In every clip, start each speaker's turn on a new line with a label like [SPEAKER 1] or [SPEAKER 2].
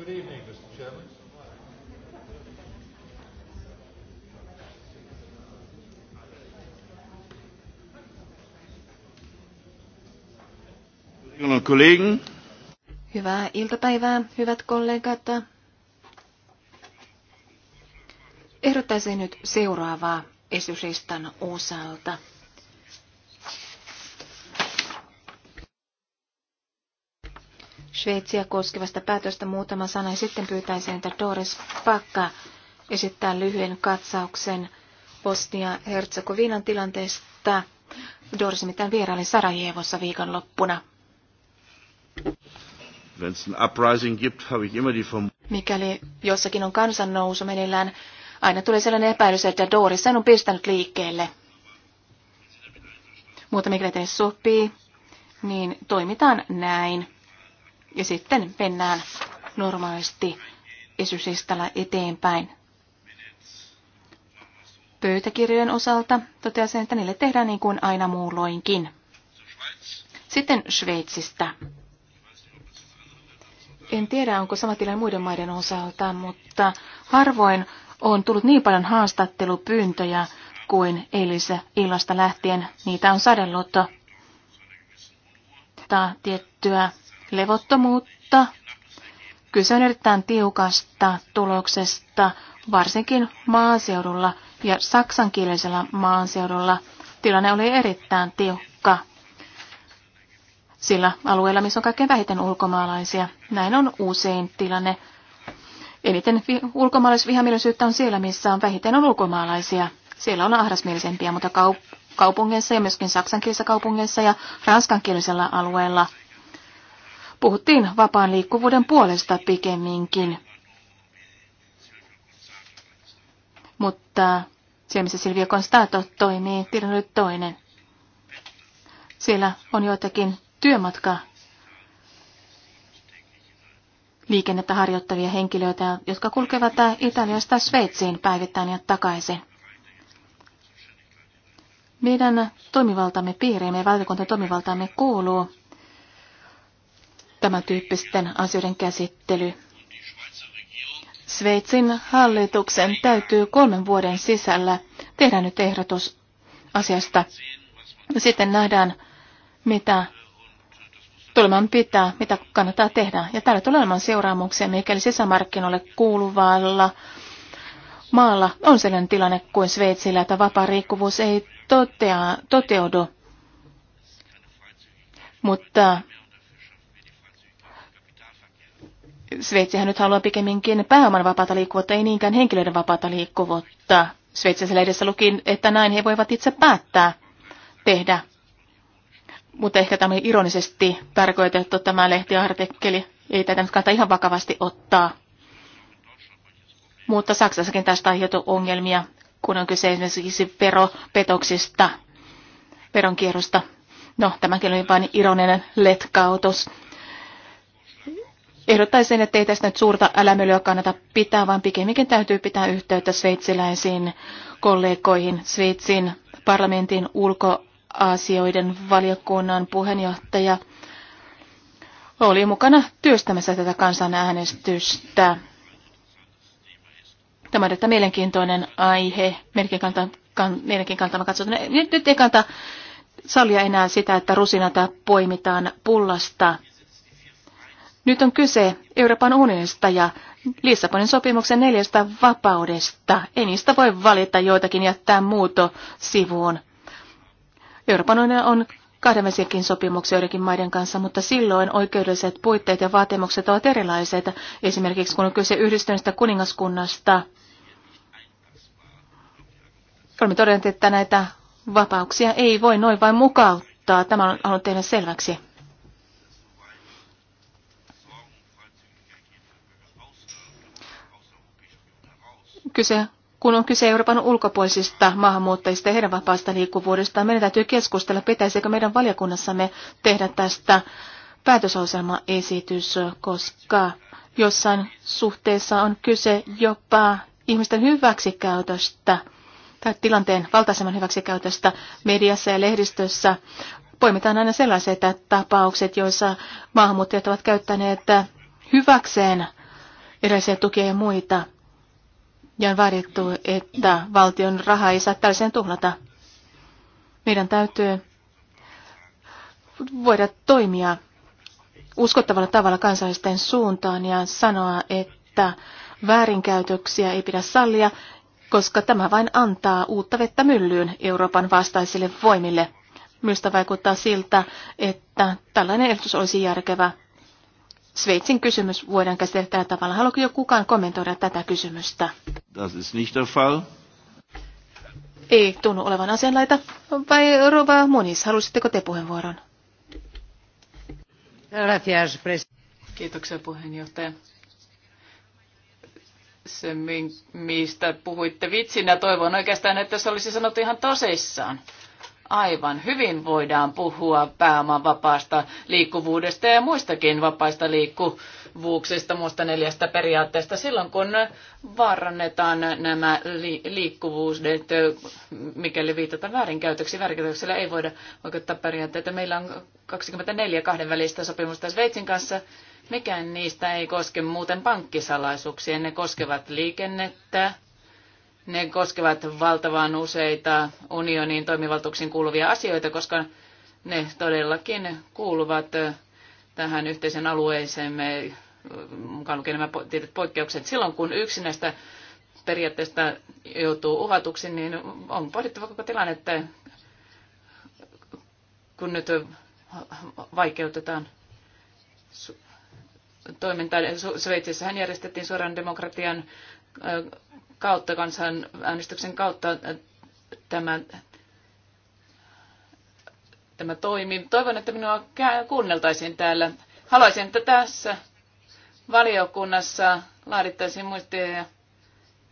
[SPEAKER 1] Good evening, Mr. Chairman.
[SPEAKER 2] Hyvää iltapäivää, hyvät kollegat. Ehdottaisin nyt seuraavaa esyslistan osalta. Sveitsiä koskevasta päätöstä muutama sana ja sitten pyytäisin, että Doris Pakka esittää lyhyen katsauksen Bosnia-Herzegovinan tilanteesta. Doris mitään vierailin Sarajevossa viikonloppuna. Mikäli jossakin on kansannousu meneillään, aina tulee sellainen epäilys, että Doris sen on pistänyt liikkeelle. Mutta mikä teille sopii, niin toimitaan näin. Ja sitten mennään normaalisti esysistalla eteenpäin. Pöytäkirjojen osalta toteaisin, että niille tehdään niin kuin aina muulloinkin. Sitten Sveitsistä. En tiedä, onko sama tilanne muiden maiden osalta, mutta harvoin on tullut niin paljon haastattelupyyntöjä kuin eilisä illasta lähtien. Niitä on sadellut tiettyä levottomuutta. Kyse on erittäin tiukasta tuloksesta, varsinkin maaseudulla ja saksankielisellä maaseudulla. Tilanne oli erittäin tiukka sillä alueella, missä on kaikkein vähiten ulkomaalaisia. Näin on usein tilanne. Eniten vi- ulkomaalaisvihamielisyyttä on siellä, missä on vähiten on ulkomaalaisia. Siellä on ahdasmielisempiä, mutta kaup- kaupungeissa ja myöskin saksankielisissä kaupungeissa ja ranskankielisellä alueella – Puhuttiin vapaan liikkuvuuden puolesta pikemminkin. Mutta se, missä Silvia Konstato toimii, tilanne oli toinen. Siellä on joitakin työmatka liikennettä harjoittavia henkilöitä, jotka kulkevat Italiasta Sveitsiin päivittäin ja takaisin. Meidän toimivaltamme piiriimme, valtakunta toimivaltamme kuuluu tämän tyyppisten asioiden käsittely. Sveitsin hallituksen täytyy kolmen vuoden sisällä tehdä nyt ehdotus asiasta. Sitten nähdään, mitä tuleman pitää, mitä kannattaa tehdä. Ja täällä tulee olemaan seuraamuksia, mikäli sisämarkkinoille kuuluvalla maalla on sellainen tilanne kuin Sveitsillä, että vapaa ei totea, toteudu. Mutta Sveitsihän nyt haluaa pikemminkin pääoman vapaata liikkuvuutta, ei niinkään henkilöiden vapaata liikkuvuutta. Sveitsissä lehdessä lukin, että näin he voivat itse päättää tehdä. Mutta ehkä tämä oli ironisesti tarkoitettu tämä lehtiartikkeli. Ei tätä nyt kannata ihan vakavasti ottaa. Mutta Saksassakin tästä aiheutuu ongelmia, kun on kyse esimerkiksi veropetoksista, veronkierrosta. No, tämäkin oli vain ironinen letkautus. Ehdottaisin, että ei tästä nyt suurta älämölyä kannata pitää, vaan pikemminkin täytyy pitää yhteyttä sveitsiläisiin kollegoihin. Sveitsin parlamentin ulkoasioiden valiokunnan puheenjohtaja oli mukana työstämässä tätä kansanäänestystä. Tämä on mielenkiintoinen aihe, melkein kantaa, kan, kantaa katsotaan. Nyt, nyt ei kannata sallia enää sitä, että rusinata poimitaan pullasta. Nyt on kyse Euroopan unionista ja Lissabonin sopimuksen neljästä vapaudesta. Ei niistä voi valita joitakin jättää muuto sivuun. Euroopan unioni on kahdenvälisiäkin sopimuksia joidenkin maiden kanssa, mutta silloin oikeudelliset puitteet ja vaatimukset ovat erilaiset. Esimerkiksi kun on kyse yhdistyneestä kuningaskunnasta, olemme todenneet, että näitä vapauksia ei voi noin vain mukauttaa. Tämä on halunnut tehdä selväksi. kyse, kun on kyse Euroopan ulkopuolisista maahanmuuttajista ja heidän vapaasta liikkuvuudesta, meidän täytyy keskustella, pitäisikö meidän valiokunnassamme tehdä tästä päätösosama-esitys, koska jossain suhteessa on kyse jopa ihmisten hyväksikäytöstä tai tilanteen valtaisemman hyväksikäytöstä mediassa ja lehdistössä. Poimitaan aina sellaiset tapaukset, joissa maahanmuuttajat ovat käyttäneet hyväkseen erilaisia tukia ja muita ja on varjettu, että valtion rahaa ei saa tällaiseen tuhlata. Meidän täytyy voida toimia uskottavalla tavalla kansalaisten suuntaan ja sanoa, että väärinkäytöksiä ei pidä sallia, koska tämä vain antaa uutta vettä myllyyn Euroopan vastaisille voimille. Myös vaikuttaa siltä, että tällainen ehdotus olisi järkevä Sveitsin kysymys voidaan käsitellä tällä tavalla. Haluatko jo kukaan kommentoida tätä kysymystä?
[SPEAKER 1] Das ist nicht der Fall.
[SPEAKER 2] Ei tunnu olevan asianlaita. Vai Rova Munis, halusitteko te puheenvuoron?
[SPEAKER 3] Gracias, Kiitoksia puheenjohtaja. Se, mistä puhuitte vitsinä, toivon oikeastaan, että se olisi sanottu ihan tosissaan aivan hyvin voidaan puhua pääoman vapaasta liikkuvuudesta ja muistakin vapaista liikkuvuuksista, muista neljästä periaatteesta, silloin kun vaarannetaan nämä li- liikkuvuudet, mikäli viitata väärinkäytöksi. Väärinkäytöksellä ei voida oikeuttaa periaatteita. Meillä on 24 kahdenvälistä sopimusta Sveitsin kanssa. Mikään niistä ei koske muuten pankkisalaisuuksia. Ne koskevat liikennettä, ne koskevat valtavan useita unionin toimivaltuuksiin kuuluvia asioita, koska ne todellakin kuuluvat tähän yhteisen alueeseemme, mukaan lukien nämä tietyt poikkeukset. Silloin kun yksi näistä periaatteista joutuu uhatuksi, niin on pohdittava koko että kun nyt vaikeutetaan toimintaa. Sveitsissähän järjestettiin suoran demokratian kautta, kansanäänestyksen kautta tämä, tämä toimii. Toivon, että minua kuunneltaisiin täällä. Haluaisin, että tässä valiokunnassa laadittaisiin muistia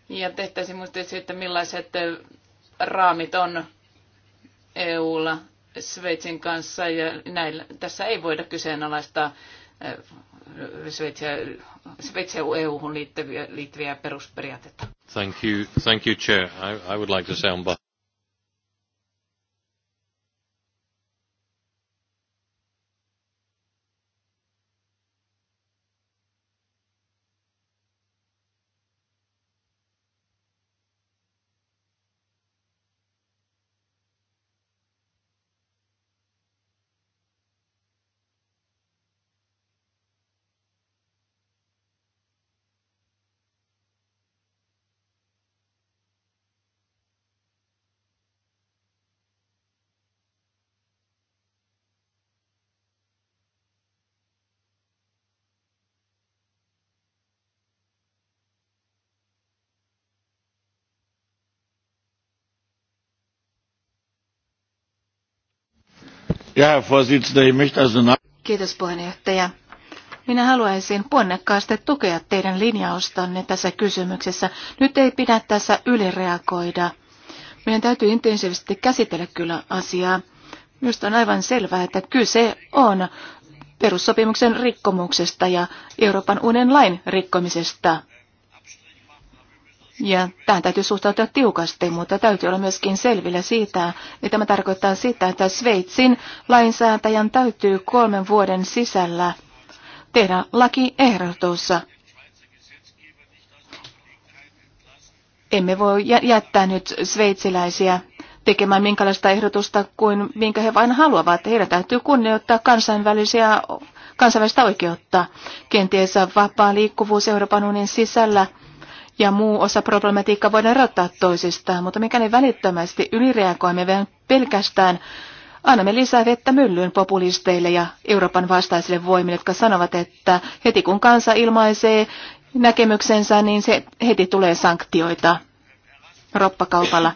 [SPEAKER 3] ja tehtäisiin muistia siitä, millaiset raamit on EUlla Sveitsin kanssa ja näillä, tässä ei voida kyseenalaistaa Sveitsiä, eh, Sveitsiä EU-hun liittyviä, liittyviä perusperiaatteita.
[SPEAKER 4] Thank you, thank you, Chair. I, would like to say on behalf
[SPEAKER 2] Kiitos puheenjohtaja. Minä haluaisin ponnekkaasti tukea teidän linjaustanne tässä kysymyksessä. Nyt ei pidä tässä ylireagoida. Meidän täytyy intensiivisesti käsitellä kyllä asiaa. Minusta on aivan selvää, että kyse on perussopimuksen rikkomuksesta ja Euroopan unen lain rikkomisesta. Ja tähän täytyy suhtautua tiukasti, mutta täytyy olla myöskin selvillä siitä, että tämä tarkoittaa sitä, että Sveitsin lainsäätäjän täytyy kolmen vuoden sisällä tehdä lakiehdotus. Emme voi jättää nyt sveitsiläisiä tekemään minkälaista ehdotusta kuin minkä he vain haluavat. Heidän täytyy kunnioittaa kansainvälisiä, kansainvälistä oikeutta. Kenties vapaa liikkuvuus Euroopan unionin sisällä – ja muu osa problematiikka voidaan erottaa toisistaan, mutta mikäli välittömästi ylireagoimme pelkästään, annamme lisää vettä myllyyn populisteille ja Euroopan vastaisille voimille, jotka sanovat, että heti kun kansa ilmaisee näkemyksensä, niin se heti tulee sanktioita roppakaupalla.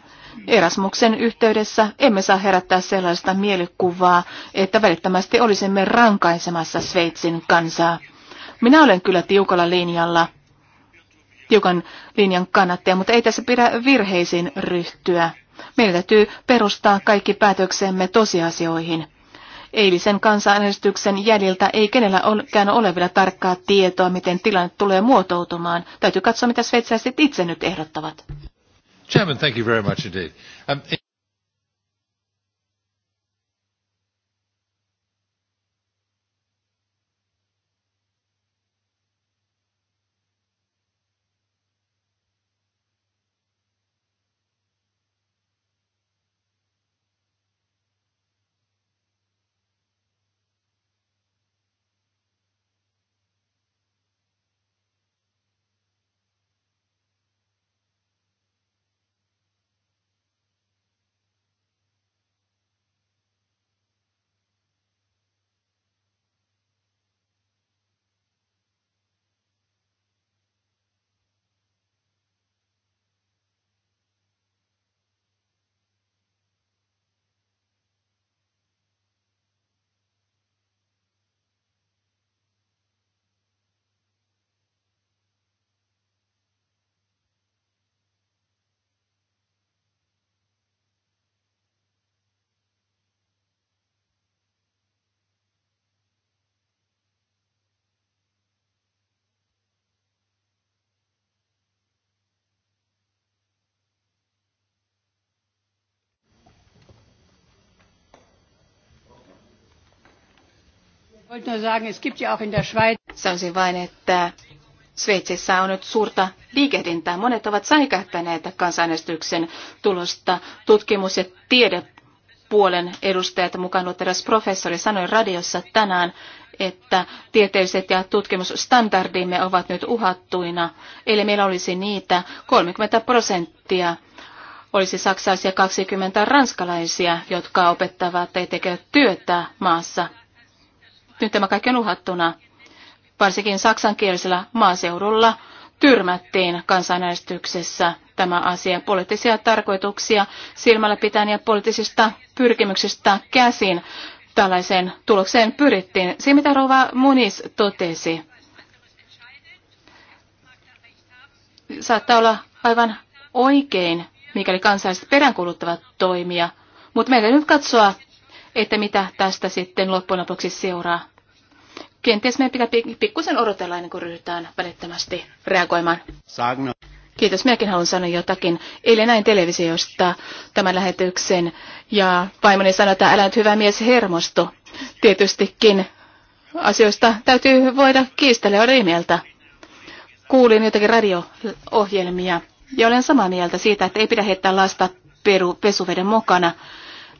[SPEAKER 2] Erasmuksen yhteydessä emme saa herättää sellaista mielikuvaa, että välittömästi olisimme rankaisemassa Sveitsin kansaa. Minä olen kyllä tiukalla linjalla tiukan linjan kannattaja, mutta ei tässä pidä virheisiin ryhtyä. Meillä täytyy perustaa kaikki päätöksemme tosiasioihin. Eilisen kansanäänestyksen jäljiltä ei kenelläkään ole vielä tarkkaa tietoa, miten tilanne tulee muotoutumaan. Täytyy katsoa, mitä sveitsiläiset itse nyt ehdottavat.
[SPEAKER 1] Chairman, thank you very much indeed. Um,
[SPEAKER 2] Sanoisin vain, että Sveitsissä on nyt suurta liikehdintää. Monet ovat säikähtäneet kansanäänestyksen tulosta. Tutkimus- ja tiedepuolen edustajat mukaan eräs professori sanoi radiossa tänään, että tieteelliset ja tutkimusstandardimme ovat nyt uhattuina. Eli meillä olisi niitä 30 prosenttia olisi saksalaisia 20 ranskalaisia, jotka opettavat tai tekevät työtä maassa nyt tämä kaikki on uhattuna. Varsinkin saksankielisellä maaseudulla tyrmättiin kansanäänestyksessä tämä asia. Poliittisia tarkoituksia silmällä pitäen ja poliittisista pyrkimyksistä käsin tällaiseen tulokseen pyrittiin. Se, mitä Rova Munis totesi, saattaa olla aivan oikein, mikäli kansalaiset peräänkuluttavat toimia, mutta meidän nyt katsoa, että mitä tästä sitten loppujen lopuksi seuraa kenties meidän pitää pikkusen odotella ennen kuin ryhdytään välittömästi reagoimaan. Sagno. Kiitos, minäkin haluan sanoa jotakin. Eilen näin televisiosta tämän lähetyksen ja vaimoni sanoi, että älä nyt hyvä mies hermostu. Tietystikin asioista täytyy voida kiistellä ja eri mieltä. Kuulin jotakin radio-ohjelmia ja olen samaa mieltä siitä, että ei pidä heittää lasta peru, pesuveden mukana.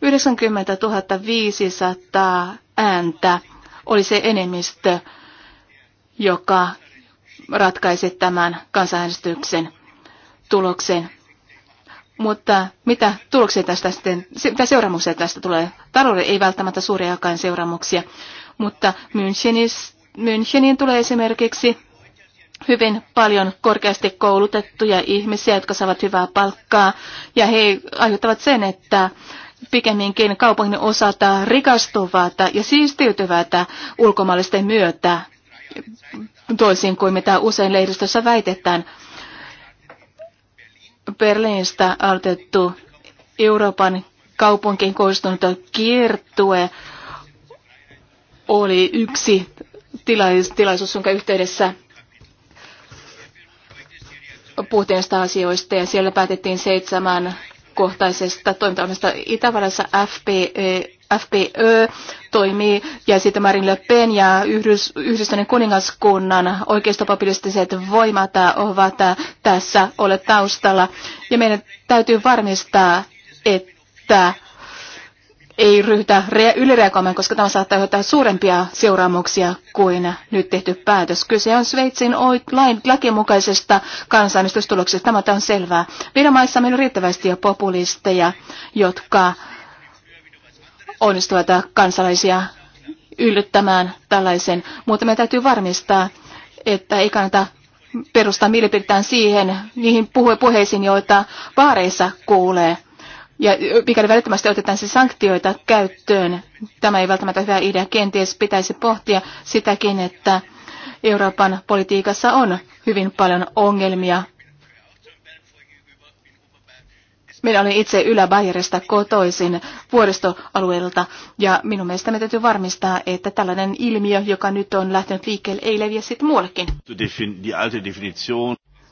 [SPEAKER 2] 90 500 ääntä oli se enemmistö, joka ratkaisi tämän kansanäänestyksen tuloksen. Mutta mitä tuloksia tästä sitten, mitä seuraamuksia tästä tulee? Talouden ei välttämättä jakain seuraamuksia, mutta Münchenin tulee esimerkiksi hyvin paljon korkeasti koulutettuja ihmisiä, jotka saavat hyvää palkkaa, ja he aiheuttavat sen, että pikemminkin kaupungin osalta rikastuvat ja siistiytyvät ulkomaalisten myötä, toisin kuin mitä usein lehdistössä väitetään. Berliinistä aloitettu Euroopan kaupunkiin koostunut kiertue oli yksi tilais- tilaisuus, jonka yhteydessä puhuttiin asioista ja siellä päätettiin seitsemän kohtaisesta toimintaohjelmasta Itävallassa FPE, eh, FPÖ toimii ja sitten Marin Le Pen ja Yhdys, Yhdistyneen kuningaskunnan oikeistopapillistiset voimat ovat tässä ole taustalla. Ja meidän täytyy varmistaa, että ei ryhdytä ylireagoimaan, koska tämä saattaa aiheuttaa suurempia seuraamuksia kuin nyt tehty päätös. Kyse on Sveitsin lain lakimukaisesta kansanäänestystuloksesta. Tämä on selvää. Viranomaissa meillä on riittävästi jo populisteja, jotka onnistuvat kansalaisia yllyttämään tällaisen, mutta meidän täytyy varmistaa, että ei kannata perustaa mielipidetään siihen, niihin puhe- puheisiin, joita vaareissa kuulee. Ja mikäli välittömästi otetaan se sanktioita käyttöön, tämä ei välttämättä hyvä idea. Kenties pitäisi pohtia sitäkin, että Euroopan politiikassa on hyvin paljon ongelmia. Minä oli itse ylä kotoisin vuoristoalueelta ja minun mielestä me täytyy varmistaa, että tällainen ilmiö, joka nyt on lähtenyt liikkeelle, ei leviä sitten muuallekin.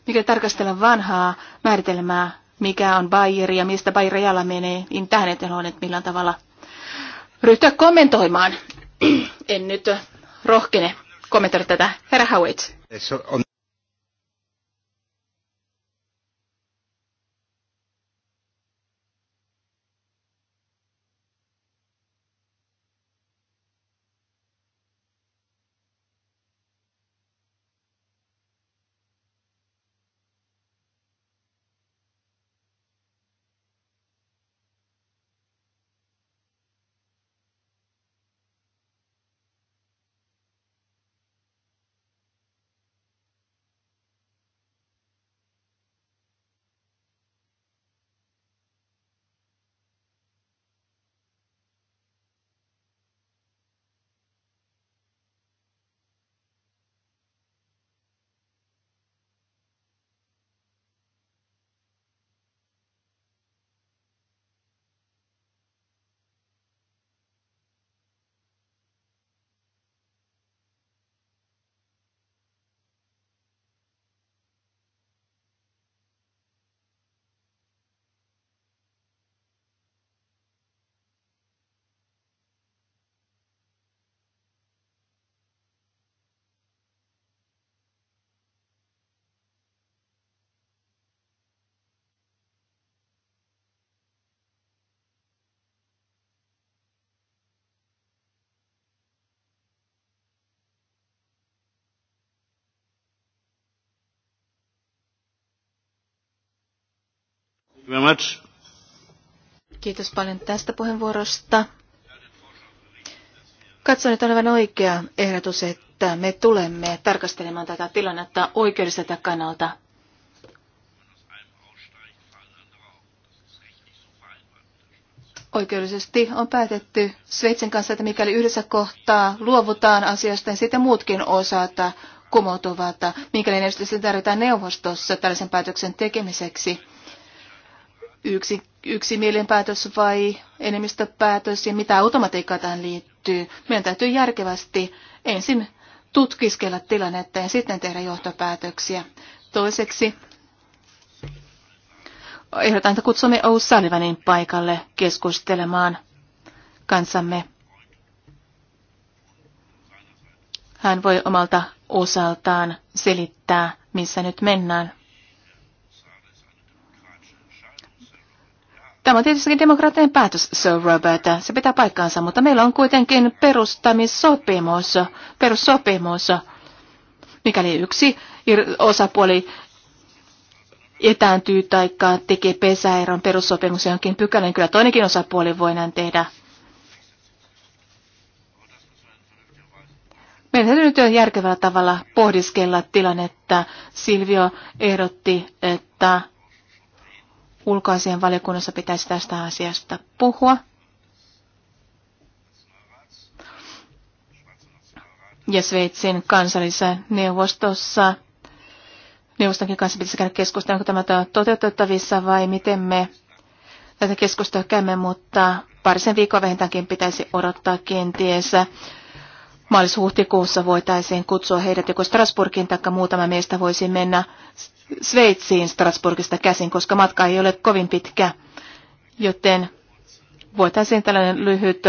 [SPEAKER 2] Mikä tarkastella vanhaa määritelmää mikä on Bayer ja mistä Bayer rajalla menee, niin tähän on, että millään tavalla ryhtyä kommentoimaan. en nyt rohkene kommentoida tätä. Herra Howitz. very much. Kiitos paljon tästä puheenvuorosta. Katson, että on aivan oikea ehdotus, että me tulemme tarkastelemaan tätä tilannetta oikeudelliselta kannalta. Oikeudellisesti on päätetty Sveitsin kanssa, että mikäli yhdessä kohtaa luovutaan asiasta, niin sitten muutkin osat kumoutuvat. Mikäli neuvostossa tarvitaan neuvostossa tällaisen päätöksen tekemiseksi, yksi, yksi mielenpäätös vai enemmistöpäätös ja mitä automatiikkaa tähän liittyy. Meidän täytyy järkevästi ensin tutkiskella tilannetta ja sitten tehdä johtopäätöksiä. Toiseksi ehdotan, että kutsumme O'Sullivanin paikalle keskustelemaan kanssamme. Hän voi omalta osaltaan selittää, missä nyt mennään. Tämä on tietysti demokraattinen päätös, Sir Robert. Se pitää paikkaansa, mutta meillä on kuitenkin perustamissopimus, perussopimus. Mikäli yksi osapuoli etääntyy tai tekee pesäeron perussopimuksen jonkin pykälän, niin kyllä toinenkin osapuoli voi näin tehdä. Meidän täytyy nyt järkevällä tavalla pohdiskella tilannetta. Silvio ehdotti, että ulkoasian valiokunnassa pitäisi tästä asiasta puhua. Ja Sveitsin kansallisessa neuvostossa neuvostonkin kanssa pitäisi käydä keskustelua, onko tämä toteutettavissa vai miten me tätä keskustelua käymme, mutta parisen viikon vähintäänkin pitäisi odottaa kenties. Maalis-huhtikuussa voitaisiin kutsua heidät joko Strasburgin tai muutama meistä voisi mennä Sveitsiin Strasburgista käsin, koska matka ei ole kovin pitkä, joten voitaisiin tällainen lyhyt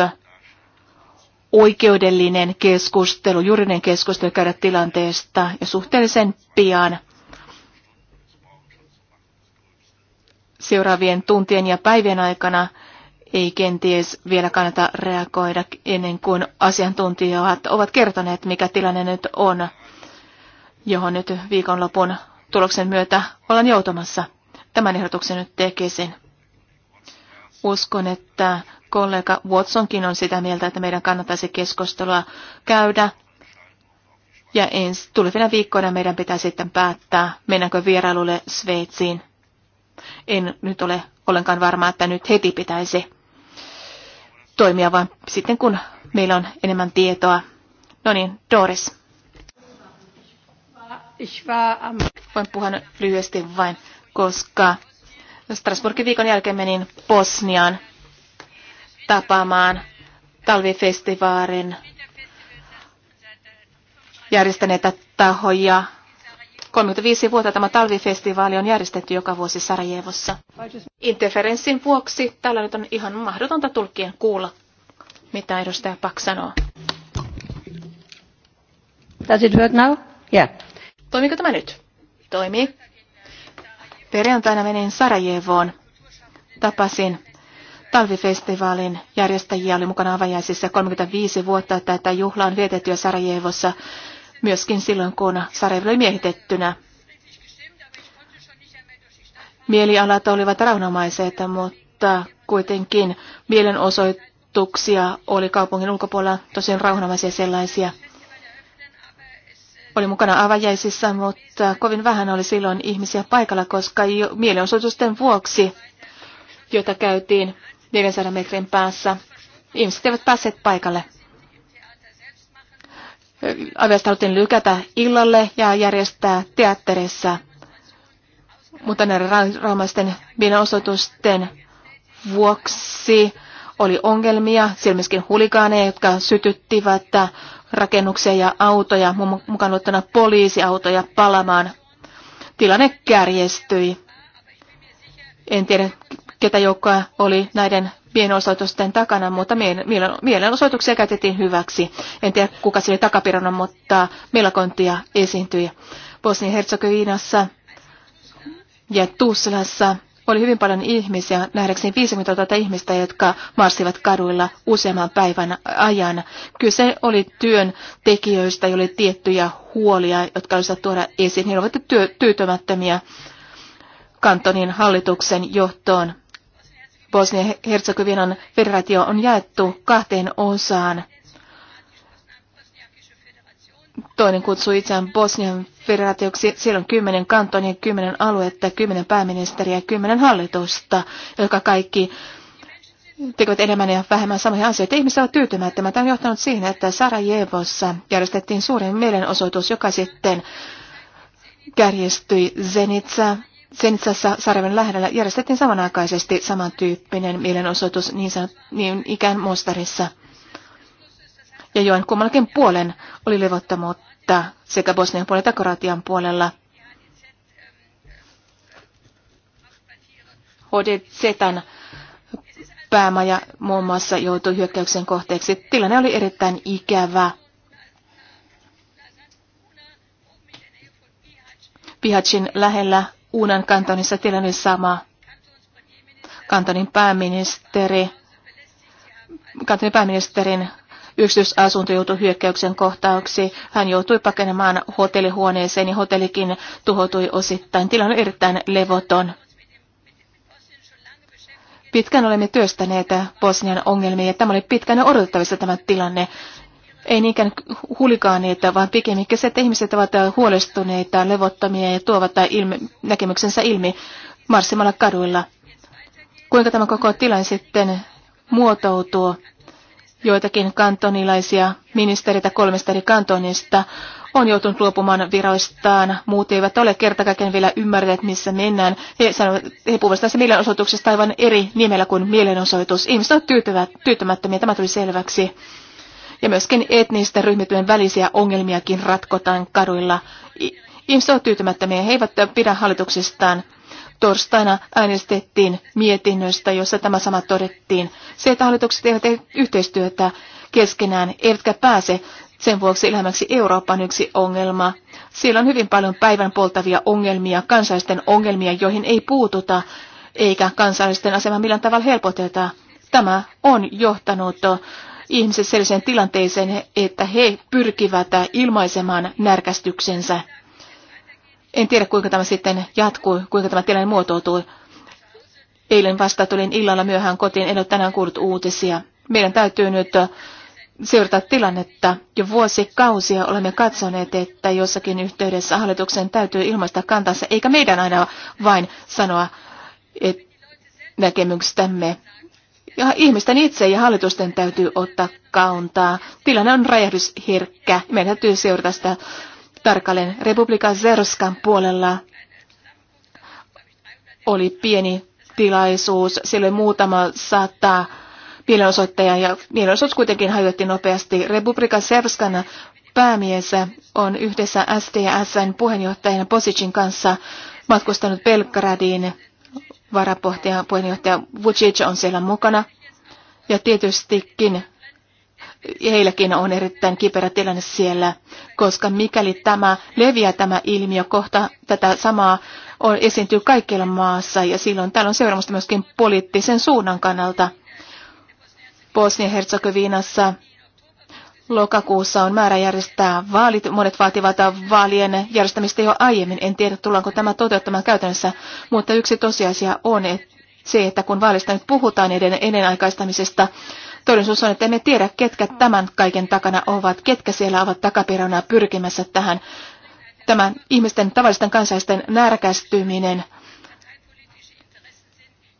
[SPEAKER 2] oikeudellinen keskustelu, juridinen keskustelu käydä tilanteesta ja suhteellisen pian seuraavien tuntien ja päivien aikana ei kenties vielä kannata reagoida ennen kuin asiantuntijat ovat kertoneet, mikä tilanne nyt on, johon nyt viikonlopun tuloksen myötä ollaan joutumassa. Tämän ehdotuksen nyt tekisin. Uskon, että kollega Watsonkin on sitä mieltä, että meidän kannattaisi keskustelua käydä. Ja ensi tulevina viikkoina meidän pitää sitten päättää, mennäänkö vierailulle Sveitsiin. En nyt ole ollenkaan varma, että nyt heti pitäisi toimia, vaan sitten kun meillä on enemmän tietoa. No niin, Doris. Voin puhua lyhyesti vain, koska Strasbourgin viikon jälkeen menin Bosniaan tapaamaan talvifestivaarin järjestäneitä tahoja. 35 vuotta tämä talvifestivaali on järjestetty joka vuosi Sarajevossa. Interferenssin vuoksi täällä nyt on ihan mahdotonta tulkien kuulla, mitä edustaja Pak sanoo.
[SPEAKER 4] Does it work now? Yeah.
[SPEAKER 2] Toimiko tämä nyt? Toimii. Perjantaina menin Sarajevoon. Tapasin talvifestivaalin järjestäjiä oli mukana avajaisissa 35 vuotta tätä juhlaa on vietetty Sarajevossa myöskin silloin, kun Sarajevo oli miehitettynä. Mielialat olivat raunomaiset, mutta kuitenkin mielenosoituksia oli kaupungin ulkopuolella tosin raunomaisia sellaisia oli mukana avajaisissa, mutta kovin vähän oli silloin ihmisiä paikalla, koska jo mielenosoitusten vuoksi, jota käytiin 400 metrin päässä, ihmiset eivät päässeet paikalle. Aviosta haluttiin lykätä illalle ja järjestää teatterissa, mutta näiden raamaisten mielenosoitusten vuoksi oli ongelmia, siellä myöskin huligaaneja, jotka sytyttivät rakennuksia ja autoja, mukaan luettuna poliisiautoja, palamaan. Tilanne kärjestyi. En tiedä, ketä joukkoa oli näiden mielenosoitusten takana, mutta mielenosoituksia käytettiin hyväksi. En tiedä, kuka oli takapirona, mutta melakointia esiintyi. Bosnia-Herzegovinassa ja Tuslassa oli hyvin paljon ihmisiä, nähdäkseni 50 000 ihmistä, jotka marssivat kaduilla useamman päivän ajan. Kyse oli työn tekijöistä, joilla oli tiettyjä huolia, jotka olisivat tuoda esiin. He olivat työ, tyytymättömiä kantonin hallituksen johtoon. Bosnia-Herzegovinan federaatio on jaettu kahteen osaan – Toinen kutsuu itseään Bosnian federaatioksi. Siellä on kymmenen kantonia, kymmenen aluetta, kymmenen pääministeriä, kymmenen hallitusta, joka kaikki tekevät enemmän ja vähemmän samoja asioita. Ihmiset ovat tyytymättömät. Tämä on johtanut siihen, että Sarajevossa järjestettiin suurin mielenosoitus, joka sitten kärjestyi Zenitsa. Zenitsassa Sarajevon lähellä järjestettiin samanaikaisesti samantyyppinen mielenosoitus niin, san, niin ikään Mostarissa ja joen kummallakin puolen oli levottomuutta sekä Bosnian puolella että Kroatian puolella. Hodezetan päämaja muun muassa joutui hyökkäyksen kohteeksi. Tilanne oli erittäin ikävä. Pihacin lähellä Uunan kantonissa tilanne oli sama. Kantonin pääministeri, kantonin pääministerin yksityisasunto joutui hyökkäyksen kohtauksi. Hän joutui pakenemaan hotellihuoneeseen ja hotellikin tuhoutui osittain. Tilanne on erittäin levoton. Pitkään olemme työstäneet Bosnian ongelmia ja tämä oli pitkään odotettavissa tämä tilanne. Ei niinkään hulikaaneita, vaan pikemminkin se, että ihmiset ovat huolestuneita, levottomia ja tuovat ilmi, näkemyksensä ilmi marssimalla kaduilla. Kuinka tämä koko tilanne sitten muotoutuu? joitakin kantonilaisia ministeritä kolmesta eri kantonista on joutunut luopumaan viroistaan. Muut eivät ole kertakaikkiaan vielä ymmärtäneet, missä mennään. He, sanovat, he puhuvat tästä mielenosoituksesta aivan eri nimellä kuin mielenosoitus. Ihmiset ovat tyytyvät, tyytymättömiä, tämä tuli selväksi. Ja myöskin etnisten ryhmittyjen välisiä ongelmiakin ratkotaan kaduilla. Ihmiset ovat tyytymättömiä, he eivät pidä hallituksestaan torstaina äänestettiin mietinnöstä, jossa tämä sama todettiin. Se, että hallitukset eivät tee yhteistyötä keskenään, eivätkä pääse sen vuoksi lähemmäksi Euroopan yksi ongelma. Siellä on hyvin paljon päivän poltavia ongelmia, kansallisten ongelmia, joihin ei puututa, eikä kansallisten asema millään tavalla helpoteta. Tämä on johtanut ihmiset sellaiseen tilanteeseen, että he pyrkivät ilmaisemaan närkästyksensä. En tiedä, kuinka tämä sitten jatkuu, kuinka tämä tilanne muotoutuu. Eilen vasta tulin illalla myöhään kotiin, en ole tänään kuullut uutisia. Meidän täytyy nyt äh, seurata tilannetta. Jo vuosikausia olemme katsoneet, että jossakin yhteydessä hallituksen täytyy ilmaista kantansa, eikä meidän aina vain sanoa että näkemyksestämme. Ja ihmisten itse ja hallitusten täytyy ottaa kantaa. Tilanne on räjähdysherkkä. Meidän täytyy seurata sitä tarkalleen Republika Zerskan puolella oli pieni tilaisuus, siellä oli muutama sata mielenosoittajaa ja mielenosoitus kuitenkin hajotti nopeasti. Republika Zerskan päämies on yhdessä STSn puheenjohtajan Posicin kanssa matkustanut Belgradiin. puheenjohtaja Vucic on siellä mukana. Ja tietystikin heilläkin on erittäin kiperä tilanne siellä, koska mikäli tämä leviää tämä ilmiö kohta, tätä samaa on, esiintyy kaikkialla maassa ja silloin täällä on seuraamusta myöskin poliittisen suunnan kannalta. Bosnia-Herzegovinassa lokakuussa on määrä järjestää vaalit. Monet vaativat vaalien järjestämistä jo aiemmin. En tiedä, tullaanko tämä toteuttamaan käytännössä, mutta yksi tosiasia on, että se, että kun vaalista nyt puhutaan niin ennen ennenaikaistamisesta, Todellisuus on, että emme tiedä, ketkä tämän kaiken takana ovat, ketkä siellä ovat takaperänä pyrkimässä tähän. tämän ihmisten tavallisten kansalaisten närkästyminen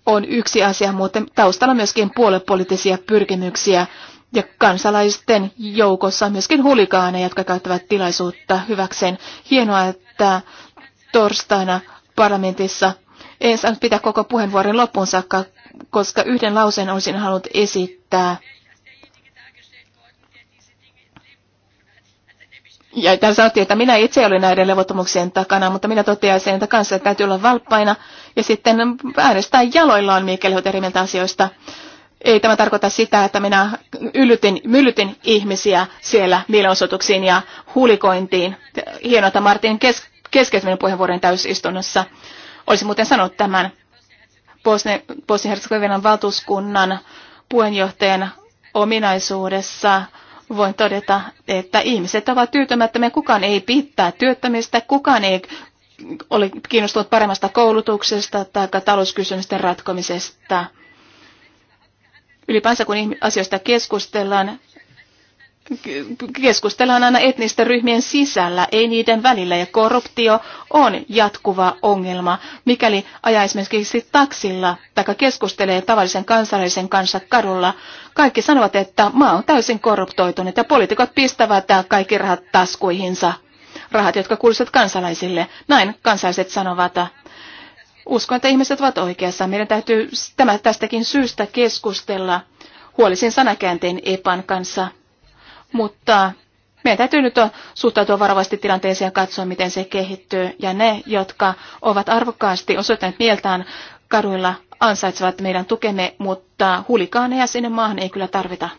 [SPEAKER 2] on yksi asia, mutta taustalla myöskin puoluepoliittisia pyrkimyksiä ja kansalaisten joukossa on myöskin huligaaneja, jotka käyttävät tilaisuutta hyväkseen. Hienoa, että torstaina parlamentissa en saanut pitää koko puheenvuoron loppuun saakka, koska yhden lauseen olisin halunnut esittää. Ja tämä sanottiin, että minä itse olin näiden levottomuuksien takana, mutta minä toteaisin, että kanssa täytyy olla valppaina ja sitten äänestää jaloillaan, mikäli olet eri mieltä asioista. Ei tämä tarkoita sitä, että minä yllytin, myllytin ihmisiä siellä mielenosoituksiin ja huulikointiin. Hienoa, että Martin kes, keskeysi puheenvuoron täysistunnossa. olisi muuten sanonut tämän. Bosnia-Herzegovinan valtuuskunnan puheenjohtajan ominaisuudessa voin todeta, että ihmiset ovat tyytymättömiä. Kukaan ei pitää työttämistä, kukaan ei ole kiinnostunut paremmasta koulutuksesta tai talouskysymysten ratkomisesta. Ylipäänsä kun asioista keskustellaan, keskustellaan aina etnisten ryhmien sisällä, ei niiden välillä, ja korruptio on jatkuva ongelma. Mikäli ajaa esimerkiksi taksilla tai keskustelee tavallisen kansalaisen kanssa kadulla, kaikki sanovat, että maa on täysin korruptoitunut ja poliitikot pistävät kaikki rahat taskuihinsa. Rahat, jotka kuuluisivat kansalaisille. Näin kansalaiset sanovat. Uskon, että ihmiset ovat oikeassa. Meidän täytyy tämä tästäkin syystä keskustella huolisin sanakäänteen EPAN kanssa mutta meidän täytyy nyt suhtautua varovasti tilanteeseen ja katsoa, miten se kehittyy. Ja ne, jotka ovat arvokkaasti osoittaneet mieltään kaduilla, ansaitsevat meidän tukemme, mutta hulikaaneja sinne maahan ei kyllä tarvita.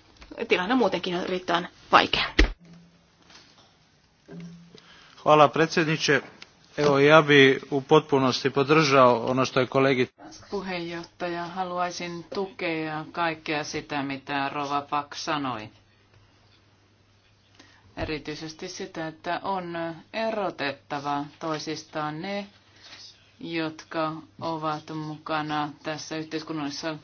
[SPEAKER 2] Tilanne muutenkin on riittävän vaikea.
[SPEAKER 1] Hvala predsjedniče. Evo ja bi u potpunosti podržao ono što je kolegi...
[SPEAKER 3] Puheenjohtaja, haluaisin tukea kaikkea sitä, mitä Rova Pak sanoi erityisesti sitä, että on erotettava toisistaan ne, jotka ovat mukana tässä yhteiskunnallisessa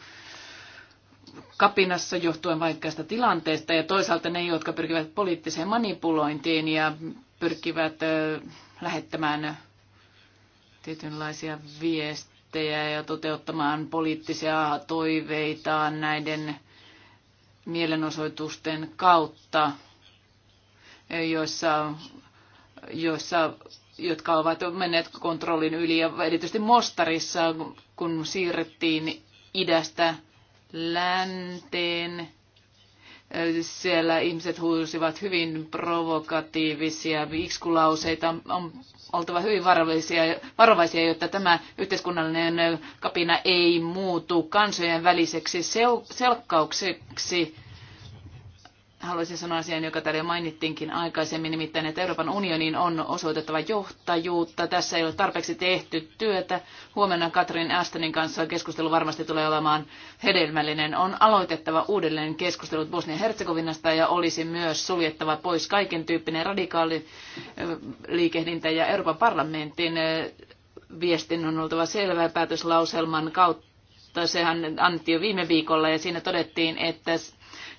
[SPEAKER 3] kapinassa johtuen vaikeasta tilanteesta ja toisaalta ne, jotka pyrkivät poliittiseen manipulointiin ja pyrkivät lähettämään tietynlaisia viestejä ja toteuttamaan poliittisia toiveitaan näiden mielenosoitusten kautta joissa, joissa jotka ovat menneet kontrollin yli ja erityisesti Mostarissa, kun siirrettiin idästä länteen. Siellä ihmiset huusivat hyvin provokatiivisia ikskulauseita. On oltava hyvin varovaisia, varovaisia, jotta tämä yhteiskunnallinen kapina ei muutu kansojen väliseksi selkkaukseksi haluaisin sanoa asian, joka täällä jo mainittiinkin aikaisemmin, nimittäin, että Euroopan unionin on osoitettava johtajuutta. Tässä ei ole tarpeeksi tehty työtä. Huomenna Katrin Astonin kanssa keskustelu varmasti tulee olemaan hedelmällinen. On aloitettava uudelleen keskustelut Bosnia-Herzegovinasta ja olisi myös suljettava pois kaiken tyyppinen radikaali liikehdintä ja Euroopan parlamentin viestin on oltava selvä päätöslauselman kautta. Sehän annettiin jo viime viikolla ja siinä todettiin, että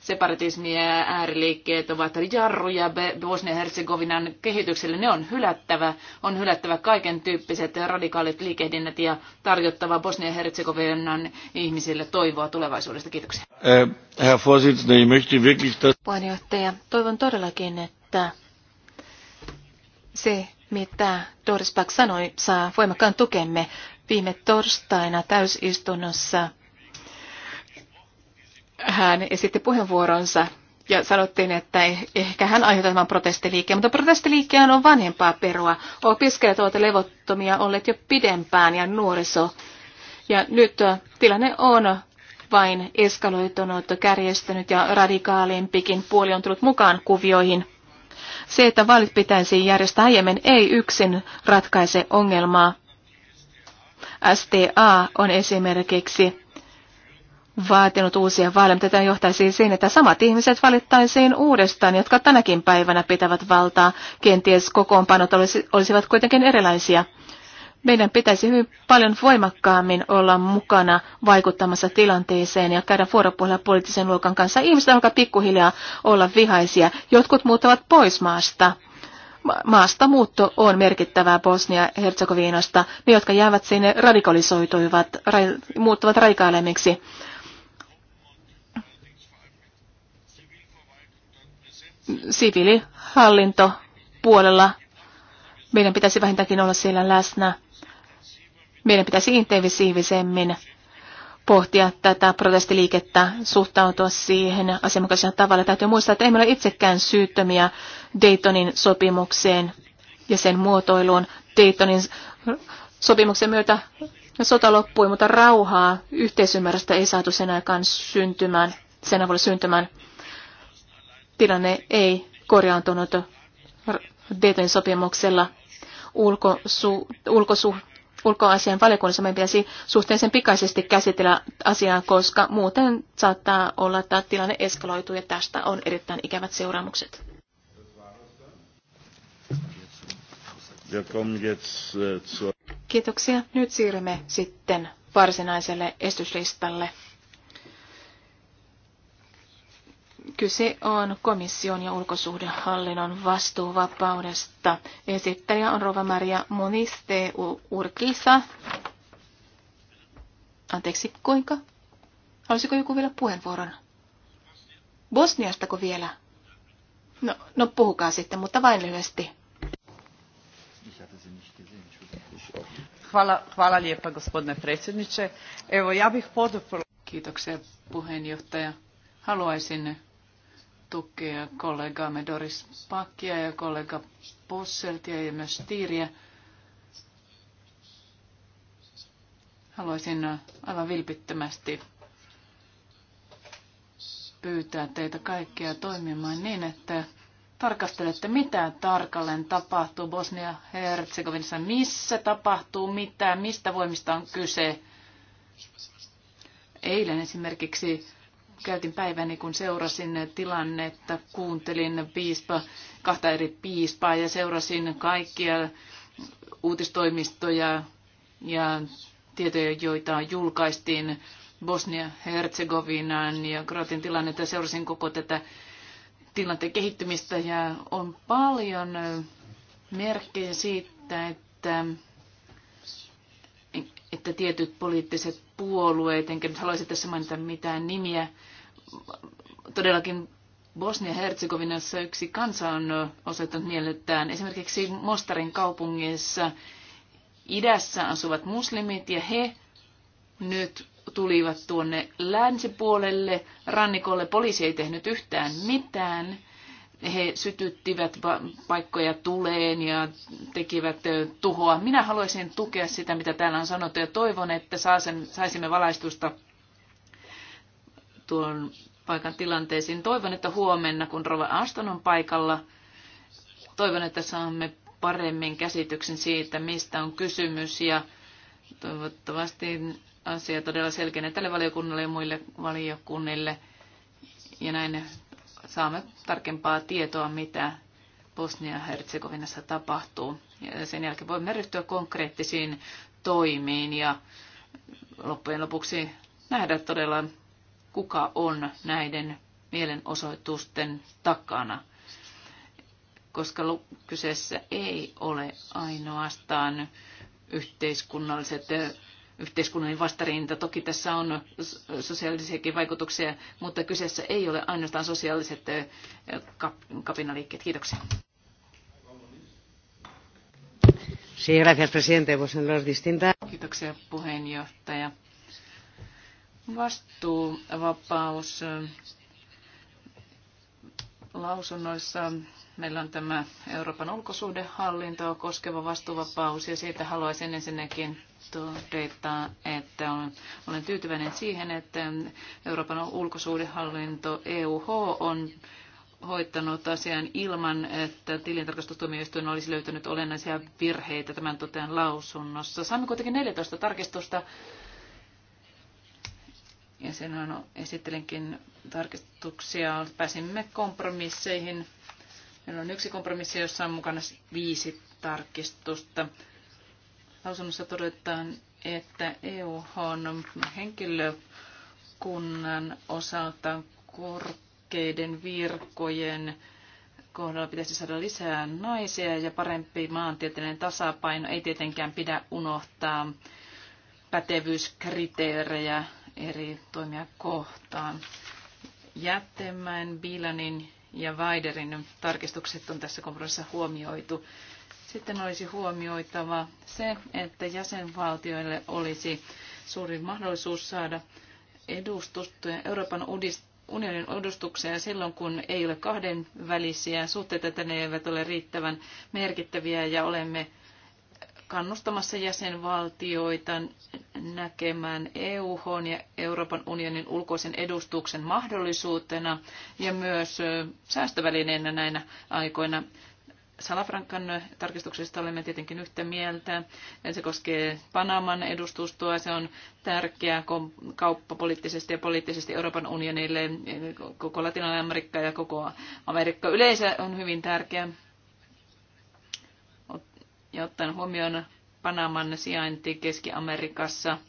[SPEAKER 3] separatismi ja ääriliikkeet ovat jarruja Bosnia-Herzegovinan kehitykselle. Ne on hylättävä. On hylättävä kaiken tyyppiset radikaalit liikehdinnät ja tarjottava Bosnia-Herzegovinan ihmisille toivoa
[SPEAKER 2] tulevaisuudesta. Kiitoksia.
[SPEAKER 1] Äh, Herr
[SPEAKER 2] Puheenjohtaja, toivon todellakin, että se, mitä Doris Pack sanoi, saa voimakkaan tukemme. Viime torstaina täysistunnossa hän esitti puheenvuoronsa ja sanottiin, että ehkä hän aiheuttaa tämän protestiliikkeen, mutta protestiliikkeen on vanhempaa perua. Opiskelijat ovat levottomia olleet jo pidempään ja nuoriso. Ja nyt äh, tilanne on vain eskaloitunut, kärjestänyt ja radikaalimpikin puoli on tullut mukaan kuvioihin. Se, että vaalit pitäisi järjestää aiemmin, ei yksin ratkaise ongelmaa. STA on esimerkiksi vaatinut uusia vaaleja, mutta tämä johtaisi siihen, että samat ihmiset valittaisiin uudestaan, jotka tänäkin päivänä pitävät valtaa. Kenties kokoonpanot olisivat kuitenkin erilaisia. Meidän pitäisi hyvin paljon voimakkaammin olla mukana vaikuttamassa tilanteeseen ja käydä vuoropuhelua poliittisen luokan kanssa. Ihmiset alkaa pikkuhiljaa olla vihaisia. Jotkut muuttavat pois maasta. Maasta muutto on merkittävää Bosnia-Herzegovinasta. Ne, jotka jäävät sinne, radikalisoituivat, ra- muuttuvat raikailemiksi. puolella meidän pitäisi vähintäänkin olla siellä läsnä. Meidän pitäisi intensiivisemmin pohtia tätä protestiliikettä, suhtautua siihen asianmukaisella tavalla. Täytyy muistaa, että emme ole itsekään syyttömiä Daytonin sopimukseen ja sen muotoiluun. Daytonin sopimuksen myötä sota loppui, mutta rauhaa yhteisymmärrystä ei saatu sen aikaan syntymään, sen avulla syntymään tilanne ei korjaantunut Daytonin sopimuksella. Ulkosu, ulkosu, ulkoasian valiokunnassa meidän pitäisi suhteellisen pikaisesti käsitellä asiaa, koska muuten saattaa olla, että tilanne eskaloituu ja tästä on erittäin ikävät seuraamukset. Äh, Kiitoksia. Nyt siirrymme sitten varsinaiselle estyslistalle. Kyse on komission ja ulkosuhdehallinnon vastuuvapaudesta. Esittäjä on Rova Maria Moniste Urkisa. Anteeksi, kuinka? Olisiko joku vielä puheenvuoron? Bosniastako vielä? No, no puhukaa sitten, mutta vain lyhyesti.
[SPEAKER 3] Hvala, hvala gospodine Evo, ja bih Kiitoksia, puheenjohtaja. Haluaisin tukea kollegaamme Doris Pakkia ja kollega Posseltia ja myös Tiiriä. Haluaisin aivan vilpittömästi pyytää teitä kaikkia toimimaan niin, että tarkastelette, mitä tarkalleen tapahtuu Bosnia-Herzegovinassa, missä tapahtuu mitä, mistä voimista on kyse. Eilen esimerkiksi käytin päiväni, kun seurasin tilannetta, kuuntelin piispa, kahta eri piispaa ja seurasin kaikkia uutistoimistoja ja tietoja, joita julkaistiin Bosnia-Herzegovinaan ja Kroatin tilannetta. Seurasin koko tätä tilanteen kehittymistä ja on paljon merkkejä siitä, että että tietyt poliittiset puolueet, enkä nyt haluaisi tässä mainita mitään nimiä, todellakin Bosnia-Herzegovinassa yksi kansa on osoittanut mielettään. Esimerkiksi Mostarin kaupungissa idässä asuvat muslimit ja he nyt tulivat tuonne länsipuolelle, rannikolle. Poliisi ei tehnyt yhtään mitään he sytyttivät paikkoja tuleen ja tekivät tuhoa. Minä haluaisin tukea sitä, mitä täällä on sanottu, ja toivon, että saisimme valaistusta tuon paikan tilanteisiin. Toivon, että huomenna, kun Rova Aston on paikalla, toivon, että saamme paremmin käsityksen siitä, mistä on kysymys, ja toivottavasti asia todella selkeänä tälle valiokunnalle ja muille valiokunnille, ja näin saamme tarkempaa tietoa, mitä Bosnia-Herzegovinassa tapahtuu. Ja sen jälkeen voimme ryhtyä konkreettisiin toimiin ja loppujen lopuksi nähdä todella, kuka on näiden mielenosoitusten takana. Koska kyseessä ei ole ainoastaan yhteiskunnalliset yhteiskunnallinen vastarinta. Toki tässä on sosiaalisiakin vaikutuksia, mutta kyseessä ei ole ainoastaan sosiaaliset kapinaliikkeet.
[SPEAKER 4] Kiitoksia. Kiitoksia, puheenjohtaja.
[SPEAKER 3] Vastuuvapaus lausunnoissa meillä on tämä Euroopan ulkosuhdehallintoa koskeva vastuuvapaus ja siitä haluaisin ensinnäkin todeta, että olen tyytyväinen siihen, että Euroopan ulkosuhdehallinto EUH on hoittanut asian ilman, että tilintarkastustuomioistuin olisi löytänyt olennaisia virheitä tämän totean lausunnossa. Saamme kuitenkin 14 tarkistusta ja sen esittelinkin tarkistuksia. Pääsimme kompromisseihin. Meillä on yksi kompromissi, jossa on mukana viisi tarkistusta. Lausunnossa todetaan, että e on henkilökunnan osalta korkeiden virkojen kohdalla pitäisi saada lisää naisia ja parempi maantieteellinen tasapaino ei tietenkään pidä unohtaa pätevyyskriteerejä eri toimia kohtaan. Jättemäen, Bilanin ja Weiderin tarkistukset on tässä kompromississa huomioitu. Sitten olisi huomioitava se, että jäsenvaltioille olisi suuri mahdollisuus saada edustusta Euroopan unionin edustukseen silloin, kun ei ole kahden välisiä suhteita, että ne eivät ole riittävän merkittäviä ja olemme kannustamassa jäsenvaltioita näkemään EUH ja Euroopan unionin ulkoisen edustuksen mahdollisuutena ja myös säästövälineenä näinä aikoina. Salafrankan tarkistuksesta olemme tietenkin yhtä mieltä. Se koskee Panaman edustustoa. Se on tärkeä kauppapoliittisesti ja poliittisesti Euroopan unionille. Koko Latinalainen Amerikka ja koko Amerikka yleensä on hyvin tärkeä. Ja ottaen huomioon Panaman sijainti Keski-Amerikassa –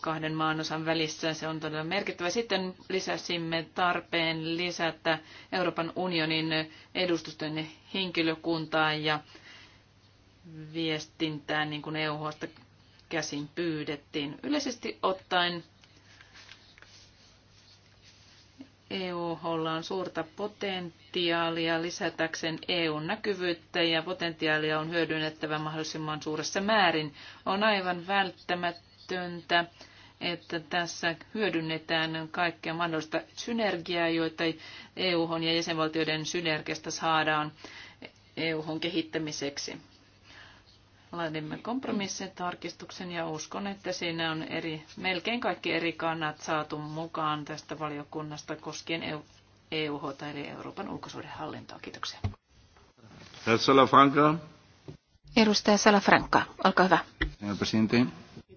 [SPEAKER 3] kahden maanosan välissä. Se on todella merkittävä. Sitten lisäsimme tarpeen lisätä Euroopan unionin edustusten henkilökuntaa ja viestintää, niin kuin eu käsin pyydettiin. Yleisesti ottaen eu on suurta potentiaalia lisätäkseen EUn näkyvyyttä ja potentiaalia on hyödynnettävä mahdollisimman suuressa määrin. On aivan välttämätöntä että tässä hyödynnetään kaikkea mahdollista synergiaa, joita eu ja jäsenvaltioiden synergiasta saadaan eu kehittämiseksi. Laadimme tarkistuksen ja uskon, että siinä on eri, melkein kaikki eri kannat saatu mukaan tästä valiokunnasta koskien EU, e hota eli Euroopan ulkosuhdehallintoa. Kiitoksia.
[SPEAKER 2] Herr Salafranca. Edustaja Salafranca, olkaa hyvä. Herr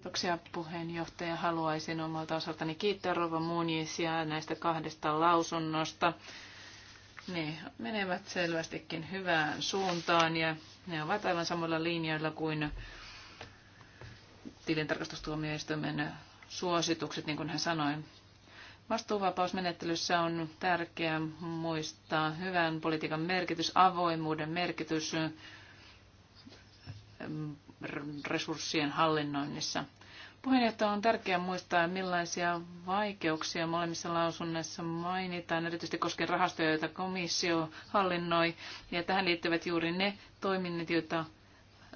[SPEAKER 3] Kiitoksia puheenjohtaja. Haluaisin omalta osaltani kiittää Rova Muunisia näistä kahdesta lausunnosta. Ne menevät selvästikin hyvään suuntaan ja ne ovat aivan samalla linjoilla kuin tilintarkastustuomioistuimen suositukset, niin kuin hän sanoi. Vastuuvapausmenettelyssä on tärkeää muistaa hyvän politiikan merkitys, avoimuuden merkitys, resurssien hallinnoinnissa. Puheenjohtaja on tärkeää muistaa, millaisia vaikeuksia molemmissa lausunnoissa mainitaan, erityisesti koskien rahastoja, joita komissio hallinnoi, ja tähän liittyvät juuri ne toiminnot, joita,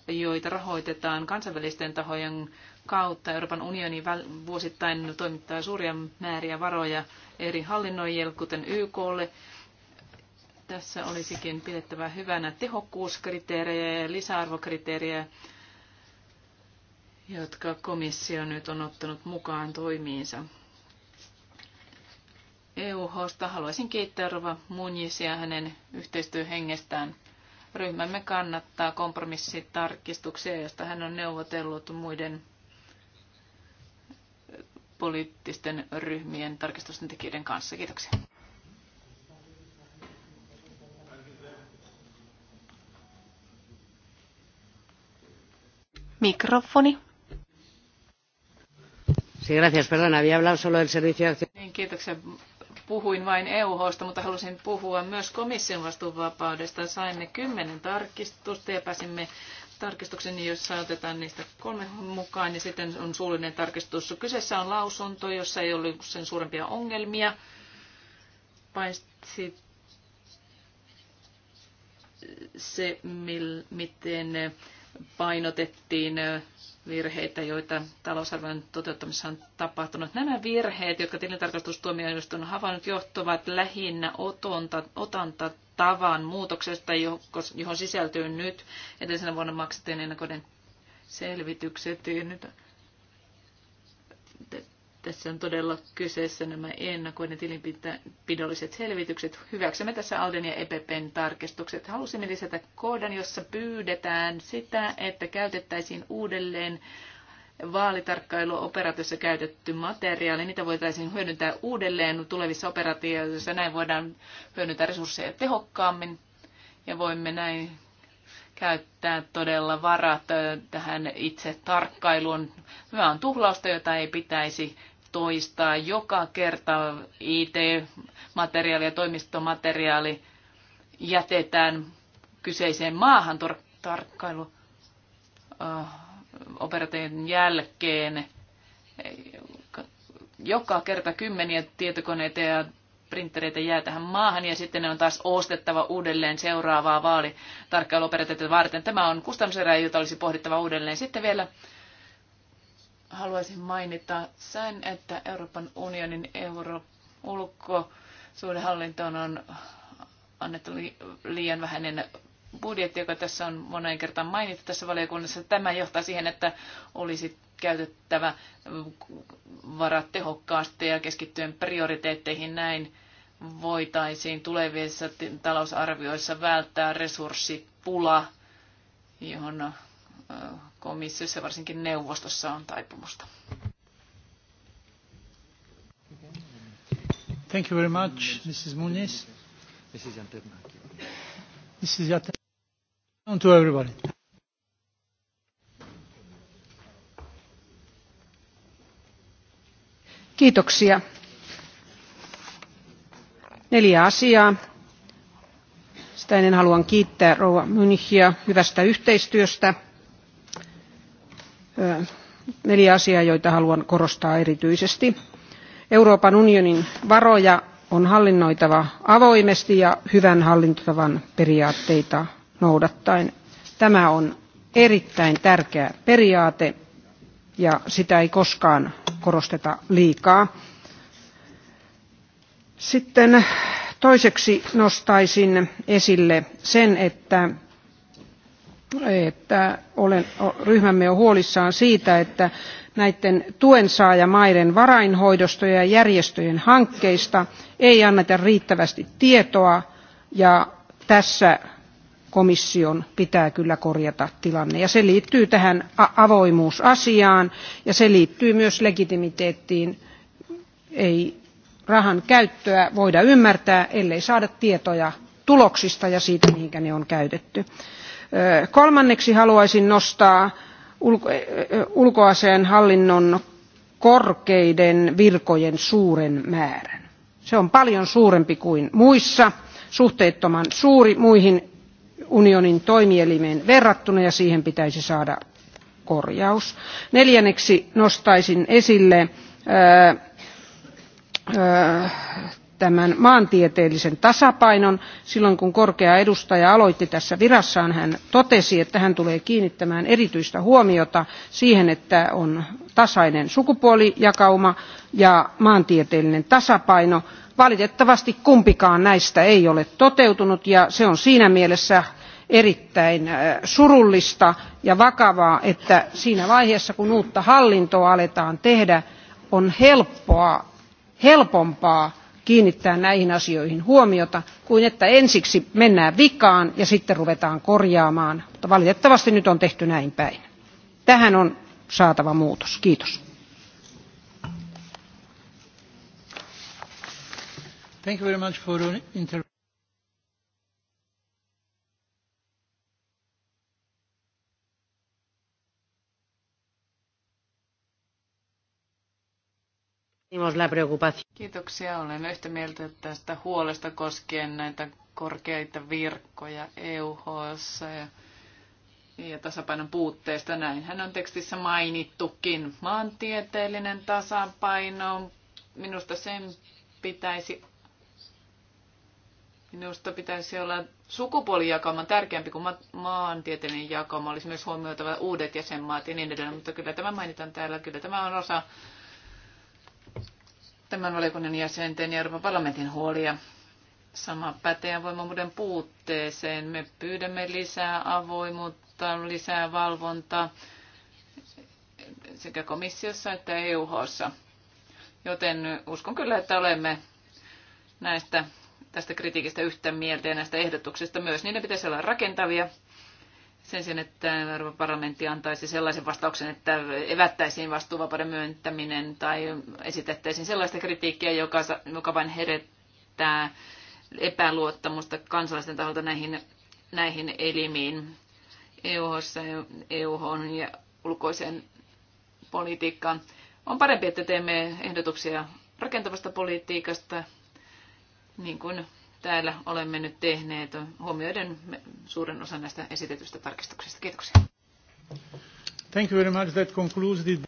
[SPEAKER 3] joita rahoitetaan kansainvälisten tahojen kautta. Euroopan unioni vuosittain toimittaa suuria määriä varoja eri hallinnoijille, kuten YKlle, tässä olisikin pidettävä hyvänä tehokkuuskriteerejä ja lisäarvokriteerejä jotka komissio nyt on ottanut mukaan toimiinsa. EU-hosta haluaisin kiittää Rova Munjisia hänen yhteistyöhengestään. Ryhmämme kannattaa kompromissitarkistuksia, joista hän on neuvotellut muiden poliittisten ryhmien tarkistusten tekijöiden kanssa. Kiitoksia.
[SPEAKER 2] Mikrofoni
[SPEAKER 4] gracias, perdón, había hablado solo del servicio de acción.
[SPEAKER 3] Niin, kiitoksia. Puhuin vain EUHsta, mutta halusin puhua myös komission vastuuvapaudesta. Saimme kymmenen tarkistusta ja pääsimme tarkistuksen, jossa otetaan niistä kolme mukaan ja sitten on suullinen tarkistus. Kyseessä on lausunto, jossa ei ollut sen suurempia ongelmia, paitsi se, miten painotettiin virheitä, joita talousarvion toteuttamisessa on tapahtunut. Nämä virheet, jotka tilintarkastustuomioistuin on havainnut, johtuvat lähinnä otonta, otanta tavan muutoksesta, johon sisältyy nyt edellisenä vuonna maksettujen ennakoiden selvitykset. Ja nyt tässä on todella kyseessä nämä ja tilinpidolliset selvitykset. Hyväksymme tässä Alden ja EPPn tarkistukset. Halusimme lisätä koodan, jossa pyydetään sitä, että käytettäisiin uudelleen vaalitarkkailuoperaatiossa käytetty materiaali. Niitä voitaisiin hyödyntää uudelleen tulevissa operaatioissa. Näin voidaan hyödyntää resursseja tehokkaammin ja voimme näin käyttää todella varat tähän itse tarkkailuun. Hyvä on tuhlausta, jota ei pitäisi toistaa joka kerta IT-materiaali ja toimistomateriaali jätetään kyseiseen maahan tar- tarkkailu äh, operaation jälkeen. Joka kerta kymmeniä tietokoneita ja printtereitä jää tähän maahan ja sitten ne on taas ostettava uudelleen seuraavaa vaalitarkkailuoperaatiota varten. Tämä on kustannuserä, jota olisi pohdittava uudelleen. Sitten vielä haluaisin mainita sen, että Euroopan unionin euro ulkosuudenhallintoon on annettu liian vähäinen budjetti, joka tässä on moneen kertaan mainittu tässä valiokunnassa. Tämä johtaa siihen, että olisi käytettävä varat tehokkaasti ja keskittyen prioriteetteihin näin voitaisiin tulevissa talousarvioissa välttää resurssipula, johon komissiossa, ja varsinkin neuvostossa on taipumusta.
[SPEAKER 1] Thank you very much, Mrs. Muniz. Mrs. Antenaki. Mrs. Antenaki. to everybody.
[SPEAKER 4] Kiitoksia. Neljä asiaa. Sitä ennen haluan kiittää rouva Münchia hyvästä yhteistyöstä neljä asiaa, joita haluan korostaa erityisesti. Euroopan unionin varoja on hallinnoitava avoimesti ja hyvän hallintotavan periaatteita noudattaen. Tämä on erittäin tärkeä periaate ja sitä ei koskaan korosteta liikaa. Sitten toiseksi nostaisin esille sen, että että olen, ryhmämme on huolissaan siitä, että näiden tuensaajamaiden varainhoidosta ja järjestöjen hankkeista ei anneta riittävästi tietoa ja tässä komission pitää kyllä korjata tilanne. Ja se liittyy tähän avoimuusasiaan ja se liittyy myös legitimiteettiin. Ei rahan käyttöä voida ymmärtää, ellei saada tietoja tuloksista ja siitä, mihinkä ne on käytetty kolmanneksi haluaisin nostaa ulkoasiainhallinnon korkeiden virkojen suuren määrän. se on paljon suurempi kuin muissa suhteettoman suuri muihin unionin toimielimiin verrattuna ja siihen pitäisi saada korjaus. neljänneksi nostaisin esille tämän maantieteellisen tasapainon. Silloin kun korkea edustaja aloitti tässä virassaan, hän totesi, että hän tulee kiinnittämään erityistä huomiota siihen, että on tasainen sukupuolijakauma ja maantieteellinen tasapaino. Valitettavasti kumpikaan näistä ei ole toteutunut ja se on siinä mielessä erittäin äh, surullista ja vakavaa, että siinä vaiheessa kun uutta hallintoa aletaan tehdä, on helppoa, helpompaa kiinnittää näihin asioihin huomiota kuin että ensiksi mennään vikaan ja sitten ruvetaan korjaamaan mutta valitettavasti nyt on tehty näin päin. tähän on saatava muutos. kiitos.
[SPEAKER 1] Thank you very much for
[SPEAKER 3] Kiitoksia. Olen yhtä mieltä tästä huolesta koskien näitä korkeita virkkoja EUHS ja, ja tasapainon puutteesta. Näinhän on tekstissä mainittukin. Maantieteellinen tasapaino, minusta sen pitäisi Minusta pitäisi olla sukupuolijakauma tärkeämpi kuin ma- maantieteellinen jakauma. Olisi myös huomioitava uudet jäsenmaat ja niin edelleen, mutta kyllä tämä mainitaan täällä. Kyllä tämä on osa tämän valiokunnan jäsenten ja Euroopan parlamentin huolia. Sama pätee voimamuuden puutteeseen. Me pyydämme lisää avoimuutta, lisää valvontaa sekä komissiossa että EUHssa. Joten uskon kyllä, että olemme näistä, tästä kritiikistä yhtä mieltä ja näistä ehdotuksista myös. Niiden pitäisi olla rakentavia sen sijaan, että Euroopan parlamentti antaisi sellaisen vastauksen, että evättäisiin vastuuvapauden myöntäminen tai esitettäisiin sellaista kritiikkiä, joka, joka vain herättää epäluottamusta kansalaisten taholta näihin, näihin elimiin eu EU:hon ja ulkoiseen politiikkaan. On parempi, että teemme ehdotuksia rakentavasta politiikasta, niin kuin täällä olemme nyt tehneet huomioiden suuren osan näistä esitetyistä tarkistuksista. Kiitoksia.
[SPEAKER 1] Thank you very much. That concludes the...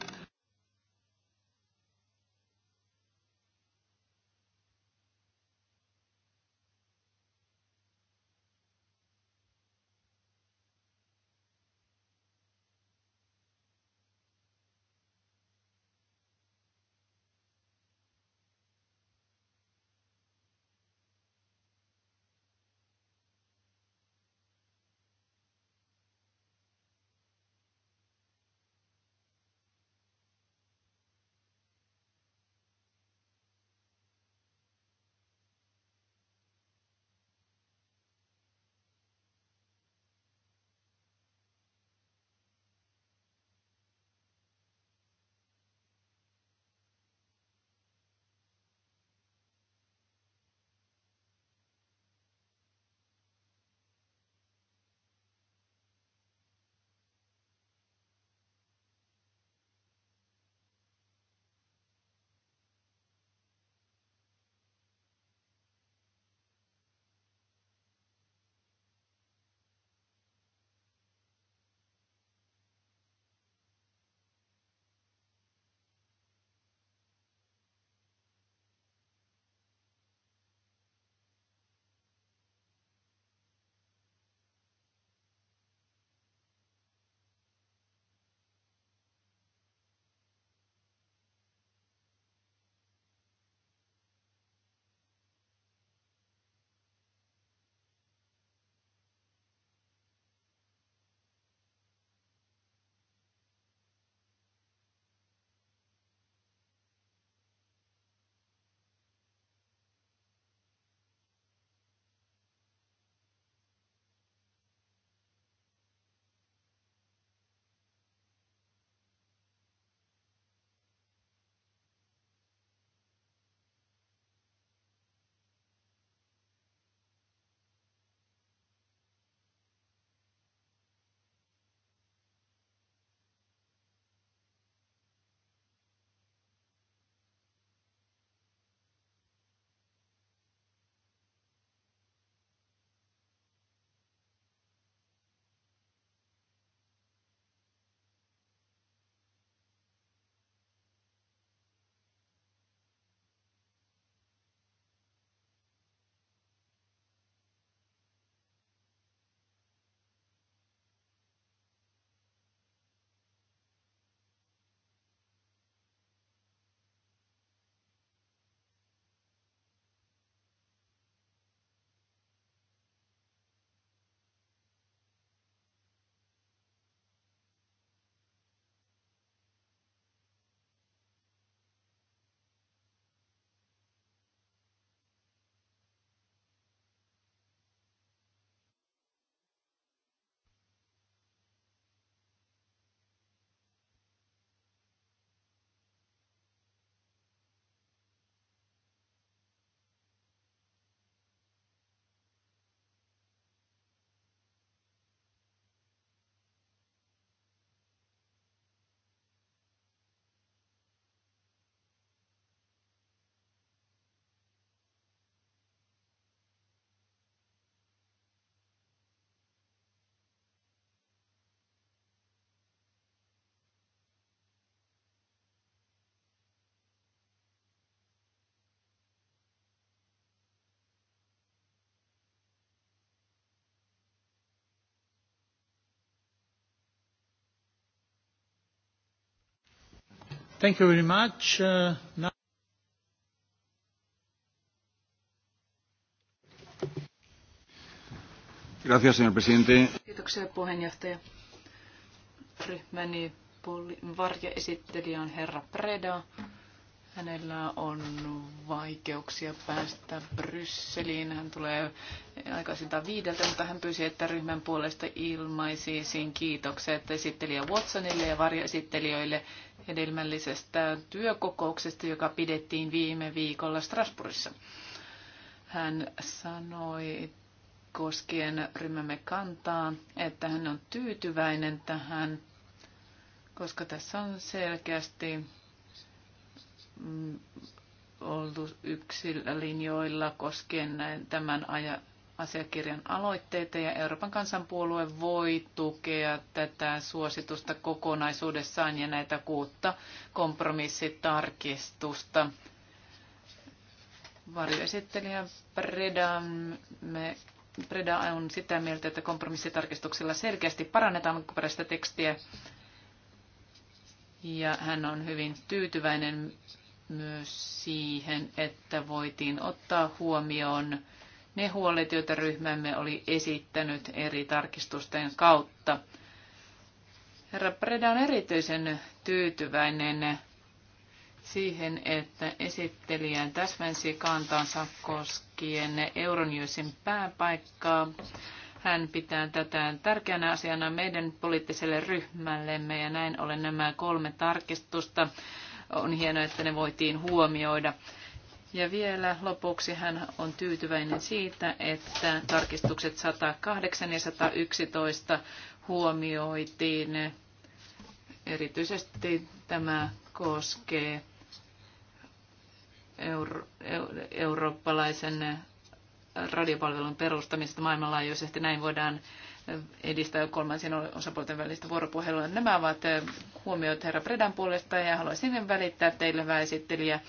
[SPEAKER 1] Thank you very much. Uh, now... Gracias, señor presidente.
[SPEAKER 3] Kiitoksia puheenjohtaja. Ryhmäni varjaesittelijä on herra Preda. Hänellä on vaikeuksia päästä Brysseliin. Hän tulee aikaisintaan viideltä, mutta hän pyysi, että ryhmän puolesta ilmaisiin kiitokset esittelijä Watsonille ja varjoesittelijöille hedelmällisestä työkokouksesta, joka pidettiin viime viikolla Strasbourgissa. Hän sanoi koskien ryhmämme kantaa, että hän on tyytyväinen tähän, koska tässä on selkeästi mm, oltu linjoilla koskien tämän ajan asiakirjan aloitteita ja Euroopan kansanpuolue voi tukea tätä suositusta kokonaisuudessaan ja näitä kuutta kompromissitarkistusta. Varjoesittelijä Preda, me, Preda on sitä mieltä, että kompromissitarkistuksella selkeästi parannetaan alkuperäistä tekstiä ja hän on hyvin tyytyväinen myös siihen, että voitiin ottaa huomioon ne huolet, joita ryhmämme oli esittänyt eri tarkistusten kautta. Herra Preda on erityisen tyytyväinen siihen, että esittelijä täsmensi kantansa koskien Euronjuisin pääpaikkaa. Hän pitää tätä tärkeänä asiana meidän poliittiselle ryhmällemme ja näin ollen nämä kolme tarkistusta. On hienoa, että ne voitiin huomioida. Ja vielä lopuksi hän on tyytyväinen siitä, että tarkistukset 108 ja 111 huomioitiin. Erityisesti tämä koskee euro- eurooppalaisen radiopalvelun perustamista maailmanlaajuisesti. Näin voidaan edistää kolmansien osapuolten välistä vuoropuhelua. Nämä ovat huomiot herra Predan puolesta ja haluaisin välittää teille väesittelijä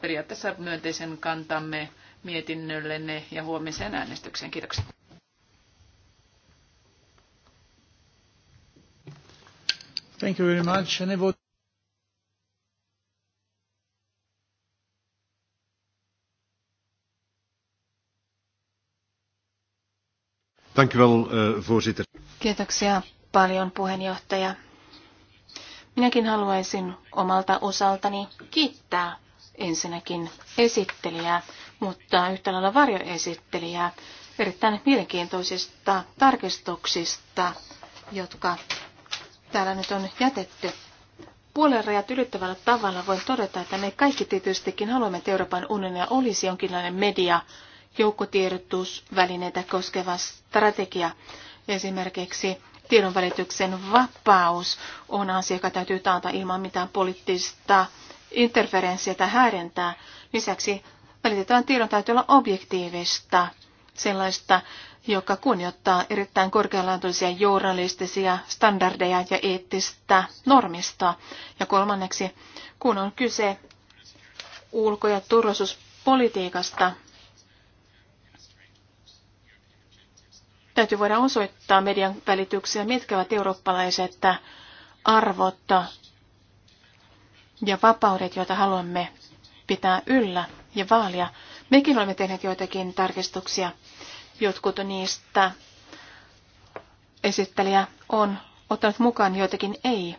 [SPEAKER 3] periaatteessa myönteisen kantamme mietinnöllenne ja huomiseen äänestykseen. Kiitoksia.
[SPEAKER 1] Thank you very much. Any vote? uh,
[SPEAKER 2] Kiitoksia paljon, puheenjohtaja. Minäkin haluaisin omalta osaltani kiittää ensinnäkin esittelijää, mutta yhtä lailla varjoesittelijää erittäin mielenkiintoisista tarkistuksista, jotka täällä nyt on jätetty. Puolen rajat ylittävällä tavalla voin todeta, että me kaikki tietystikin haluamme, että Euroopan unionia olisi jonkinlainen media, joukkotiedotusvälineitä koskeva strategia. Esimerkiksi tiedonvälityksen vapaus on asia, joka täytyy taata ilman mitään poliittista interferenssiä tai häirintää. Lisäksi välitettävän tiedon täytyy olla objektiivista, sellaista, joka kunnioittaa erittäin korkealaatuisia journalistisia standardeja ja eettistä normistoa. Ja kolmanneksi, kun on kyse ulko- ja turvallisuuspolitiikasta, täytyy voida osoittaa median välityksiä, mitkä ovat eurooppalaiset arvot ja vapaudet, joita haluamme pitää yllä ja vaalia. Mekin olemme tehneet joitakin tarkistuksia. Jotkut niistä esittelijä on ottanut mukaan, joitakin ei.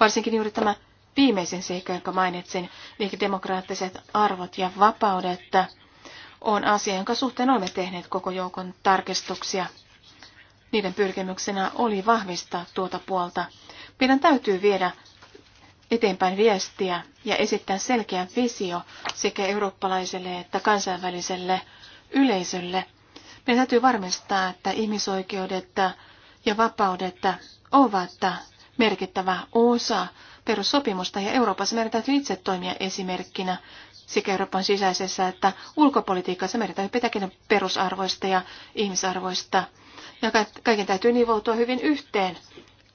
[SPEAKER 2] Varsinkin juuri tämä viimeisen seikka, jonka mainitsin, eli demokraattiset arvot ja vapaudet, on asia, jonka suhteen olemme tehneet koko joukon tarkistuksia. Niiden pyrkimyksenä oli vahvistaa tuota puolta. Meidän täytyy viedä eteenpäin viestiä ja esittää selkeä visio sekä eurooppalaiselle että kansainväliselle yleisölle. Meidän täytyy varmistaa, että ihmisoikeudet ja vapaudet ovat merkittävä osa perussopimusta ja Euroopassa meidän täytyy itse toimia esimerkkinä sekä Euroopan sisäisessä että ulkopolitiikassa. Meidän täytyy pitääkin perusarvoista ja ihmisarvoista ja kaiken täytyy nivoutua hyvin yhteen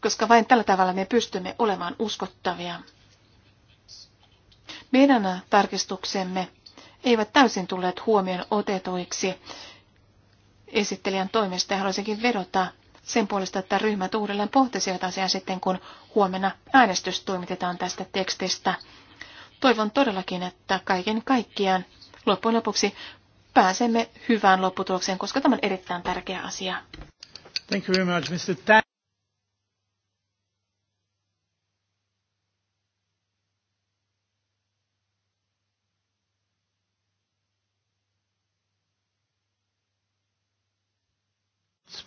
[SPEAKER 2] koska vain tällä tavalla me pystymme olemaan uskottavia. Meidän tarkistuksemme eivät täysin tulleet huomioon otetuiksi esittelijän toimesta ja haluaisinkin vedota sen puolesta, että ryhmät uudelleen pohtisivat asiaa sitten, kun huomenna äänestys toimitetaan tästä tekstistä. Toivon todellakin, että kaiken kaikkiaan loppujen lopuksi pääsemme hyvään lopputulokseen, koska tämä on erittäin tärkeä asia.
[SPEAKER 1] Thank you very much, Mr.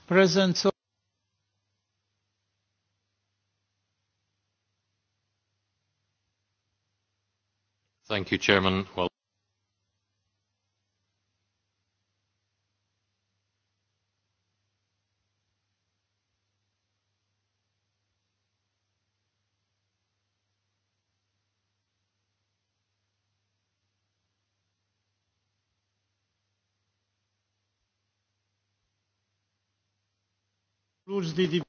[SPEAKER 1] presence
[SPEAKER 4] Thank you, Chairman. Well the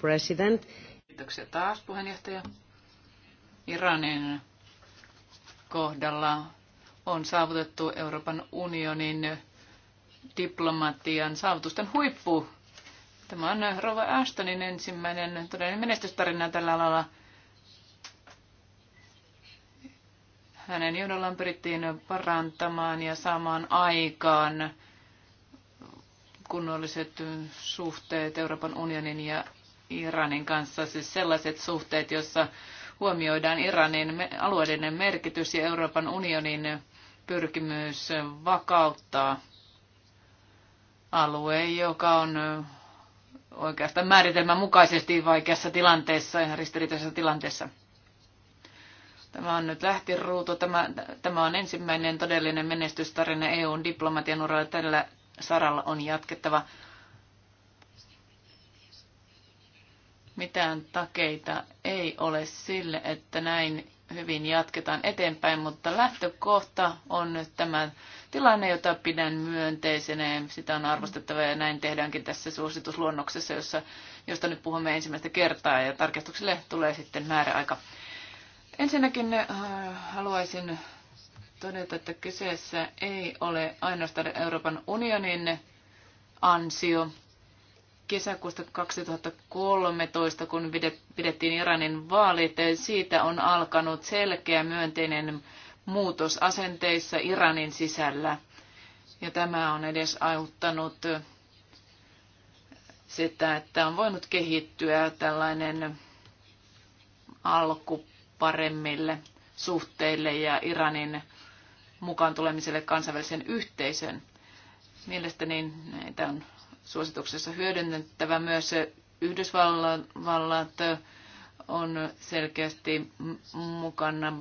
[SPEAKER 4] President.
[SPEAKER 3] Kiitoksia taas puheenjohtaja. Iranin kohdalla on saavutettu Euroopan unionin diplomatian saavutusten huippu. Tämä on Rova Ashtonin ensimmäinen todellinen menestystarina tällä alalla. Hänen johdollaan pyrittiin parantamaan ja saamaan aikaan kunnolliset suhteet Euroopan unionin ja Iranin kanssa, siis sellaiset suhteet, joissa huomioidaan Iranin alueellinen merkitys ja Euroopan unionin pyrkimys vakauttaa alue, joka on oikeastaan määritelmän mukaisesti vaikeassa tilanteessa ja ristiriitaisessa tilanteessa. Tämä on nyt lähtiruutu. Tämä, tämä on ensimmäinen todellinen menestystarina EUn diplomatian uralla. Tällä saralla on jatkettava. Mitään takeita ei ole sille, että näin hyvin jatketaan eteenpäin, mutta lähtökohta on nyt tämä tilanne, jota pidän myönteisenä ja sitä on arvostettava ja näin tehdäänkin tässä suositusluonnoksessa, jossa, josta nyt puhumme ensimmäistä kertaa ja tarkastukselle tulee sitten määräaika. Ensinnäkin äh, haluaisin todeta, että kyseessä ei ole ainoastaan Euroopan unionin ansio, kesäkuusta 2013, kun pidettiin Iranin vaalit. Siitä on alkanut selkeä myönteinen muutos asenteissa Iranin sisällä. Ja tämä on edes auttanut sitä, että on voinut kehittyä tällainen alku paremmille suhteille ja Iranin mukaan tulemiselle kansainvälisen yhteisön. Mielestäni näitä on suosituksessa hyödynnettävä myös Yhdysvallat on selkeästi mukana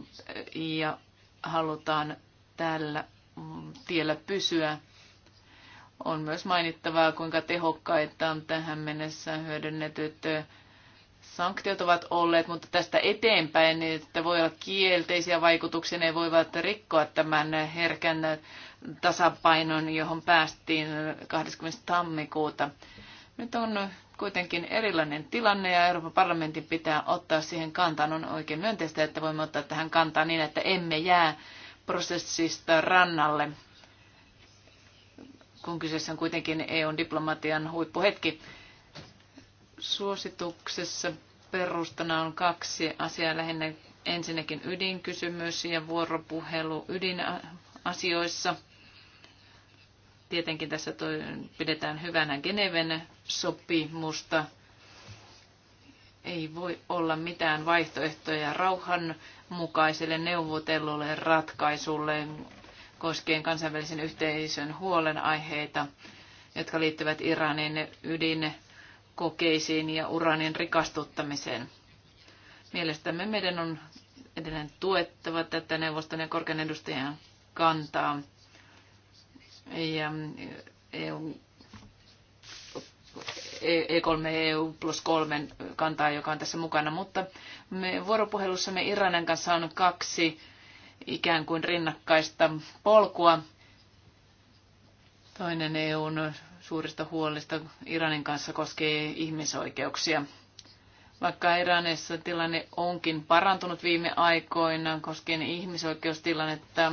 [SPEAKER 3] ja halutaan tällä tiellä pysyä. On myös mainittavaa, kuinka tehokkaita on tähän mennessä hyödynnetyt sanktiot ovat olleet, mutta tästä eteenpäin, niin että voi olla kielteisiä vaikutuksia, ne voivat rikkoa tämän herkän tasapainon, johon päästiin 20. tammikuuta. Nyt on kuitenkin erilainen tilanne ja Euroopan parlamentin pitää ottaa siihen kantaan. On oikein myönteistä, että voimme ottaa tähän kantaa niin, että emme jää prosessista rannalle, kun kyseessä on kuitenkin EUn diplomatian huippuhetki Suosituksessa perustana on kaksi asiaa lähinnä ensinnäkin ydinkysymys ja vuoropuhelu ydinasioissa. Tietenkin tässä toi, pidetään hyvänä Geneven sopimusta. Ei voi olla mitään vaihtoehtoja rauhanmukaiselle neuvotellulle ratkaisulle koskien kansainvälisen yhteisön huolenaiheita, jotka liittyvät Iranin ydin kokeisiin ja uraanin rikastuttamiseen. Mielestämme meidän on edelleen tuettava tätä neuvoston ja korkean edustajan kantaa. Ja EU, E3 EU plus kolmen kantaa, joka on tässä mukana. Mutta me vuoropuhelussamme Iranin kanssa on kaksi ikään kuin rinnakkaista polkua. Toinen EUn suurista huolista Iranin kanssa koskee ihmisoikeuksia. Vaikka Iranissa tilanne onkin parantunut viime aikoina koskien ihmisoikeustilannetta,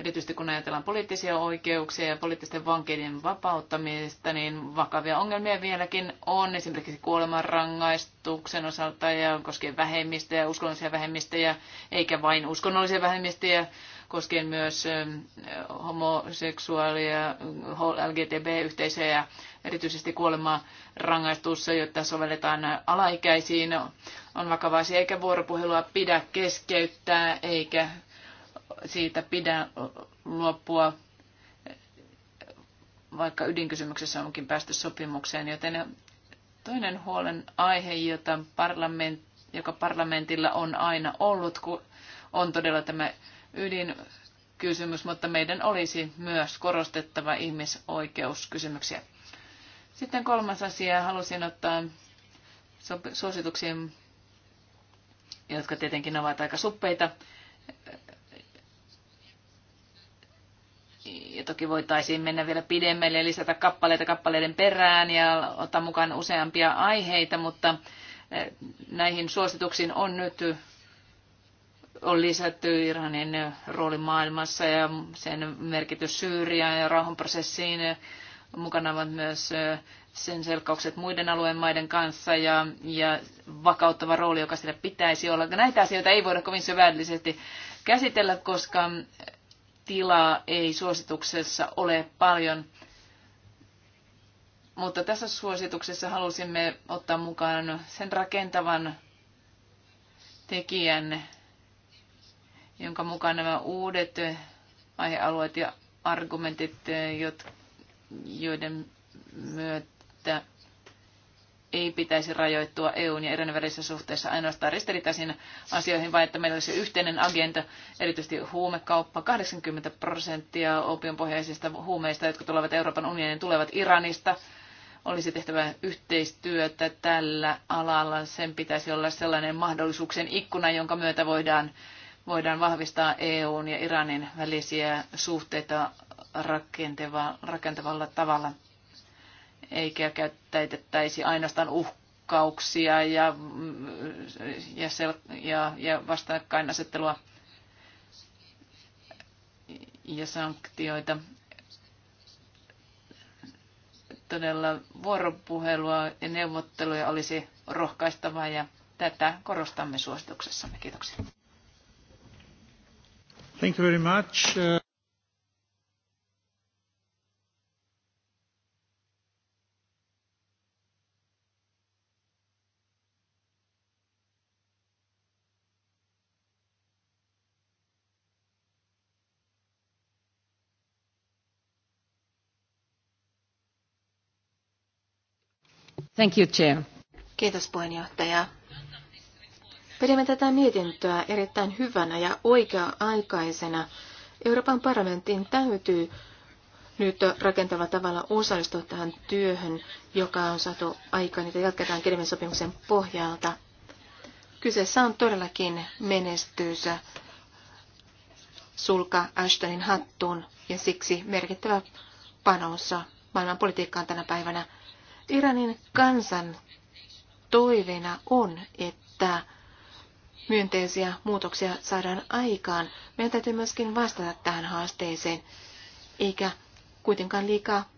[SPEAKER 3] erityisesti kun ajatellaan poliittisia oikeuksia ja poliittisten vankien vapauttamista, niin vakavia ongelmia vieläkin on, esimerkiksi kuolemanrangaistuksen osalta ja koskien vähemmistöjä, uskonnollisia vähemmistöjä, eikä vain uskonnollisia vähemmistöjä, koskien myös ähm, homoseksuaalia, lgtb yhteisöjä ja erityisesti kuolemaa rangaistussa, jotta sovelletaan alaikäisiin. On vakava asia, eikä vuoropuhelua pidä keskeyttää, eikä siitä pidä luopua vaikka ydinkysymyksessä onkin päästy sopimukseen, joten toinen huolen aihe, jota parlament, joka parlamentilla on aina ollut, kun on todella tämä ydinkysymys, mutta meidän olisi myös korostettava ihmisoikeuskysymyksiä. Sitten kolmas asia, halusin ottaa suosituksiin, jotka tietenkin ovat aika suppeita. Ja toki voitaisiin mennä vielä pidemmälle ja lisätä kappaleita kappaleiden perään ja ottaa mukaan useampia aiheita, mutta eh, näihin suosituksiin on nyt on lisätty Iranin rooli maailmassa ja sen merkitys Syyriaan ja rauhanprosessiin. Mukana ovat myös sen selkaukset muiden alueen maiden kanssa ja, ja vakauttava rooli, joka sillä pitäisi olla. Näitä asioita ei voida kovin syvällisesti käsitellä, koska tilaa ei suosituksessa ole paljon. Mutta tässä suosituksessa halusimme ottaa mukaan sen rakentavan tekijän jonka mukaan nämä uudet aihealueet ja argumentit, joiden myötä ei pitäisi rajoittua EUn ja Iran välisessä suhteessa ainoastaan ristiriitaisiin asioihin, vaan että meillä olisi yhteinen agenda, erityisesti huumekauppa. 80 prosenttia opionpohjaisista huumeista, jotka tulevat Euroopan unionin, tulevat Iranista. Olisi tehtävä yhteistyötä tällä alalla. Sen pitäisi olla sellainen mahdollisuuksien ikkuna, jonka myötä voidaan voidaan vahvistaa EUn ja Iranin välisiä suhteita rakentava, rakentavalla tavalla, eikä käyttäytettäisi ainoastaan uhkauksia ja, ja, sel, ja, ja vastakkainasettelua ja sanktioita. Todella vuoropuhelua ja neuvotteluja olisi rohkaistavaa ja tätä korostamme suosituksessamme. Kiitoksia.
[SPEAKER 1] Thank you very much. Uh,
[SPEAKER 3] Thank you, Chair.
[SPEAKER 2] Kiitos puheenjohtaja. Pidämme tätä mietintöä erittäin hyvänä ja oikea-aikaisena. Euroopan parlamentin täytyy nyt rakentavalla tavalla osallistua tähän työhön, joka on saatu aikaan, niitä jatketaan Kedemin sopimuksen pohjalta. Kyseessä on todellakin menestys sulka Ashtonin hattuun ja siksi merkittävä panossa maailman politiikkaan tänä päivänä. Iranin kansan toiveena on, että myönteisiä muutoksia saadaan aikaan, meidän täytyy myöskin vastata tähän haasteeseen, eikä kuitenkaan liikaa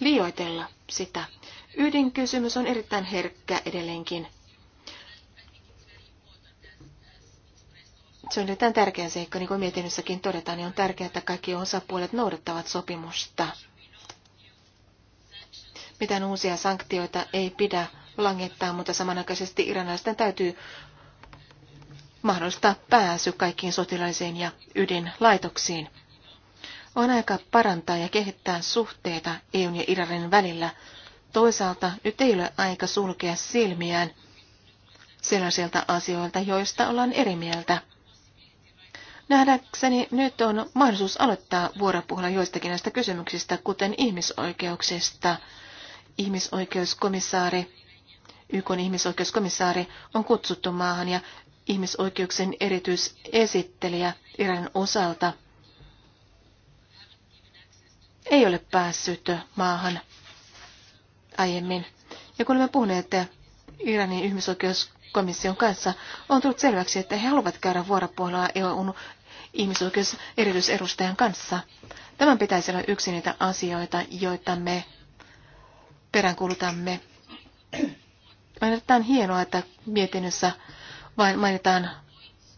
[SPEAKER 2] liioitella sitä. Ydinkysymys on erittäin herkkä edelleenkin. Se on erittäin tärkeä seikka, niin kuin mietinnössäkin todetaan, niin on tärkeää, että kaikki osapuolet noudattavat sopimusta. Mitään uusia sanktioita ei pidä langettaa, mutta samanaikaisesti iranaisten täytyy mahdollistaa pääsy kaikkiin sotilaisiin ja ydinlaitoksiin. On aika parantaa ja kehittää suhteita EUn ja Iranin välillä. Toisaalta nyt ei ole aika sulkea silmiään sellaisilta asioilta, joista ollaan eri mieltä. Nähdäkseni nyt on mahdollisuus aloittaa vuoropuhla joistakin näistä kysymyksistä, kuten ihmisoikeuksista. Ihmisoikeuskomissaari YK ihmisoikeuskomissaari on kutsuttu maahan ja ihmisoikeuksien erityisesittelijä Iranin osalta ei ole päässyt maahan aiemmin. Ja kun olemme puhuneet Iranin ihmisoikeuskomission kanssa, on tullut selväksi, että he haluavat käydä vuoropuhelua EUn ihmisoikeuserityisedustajan kanssa. Tämän pitäisi olla yksi niitä asioita, joita me peräänkuulutamme. On erittäin hienoa, että mietinnössä vain mainitaan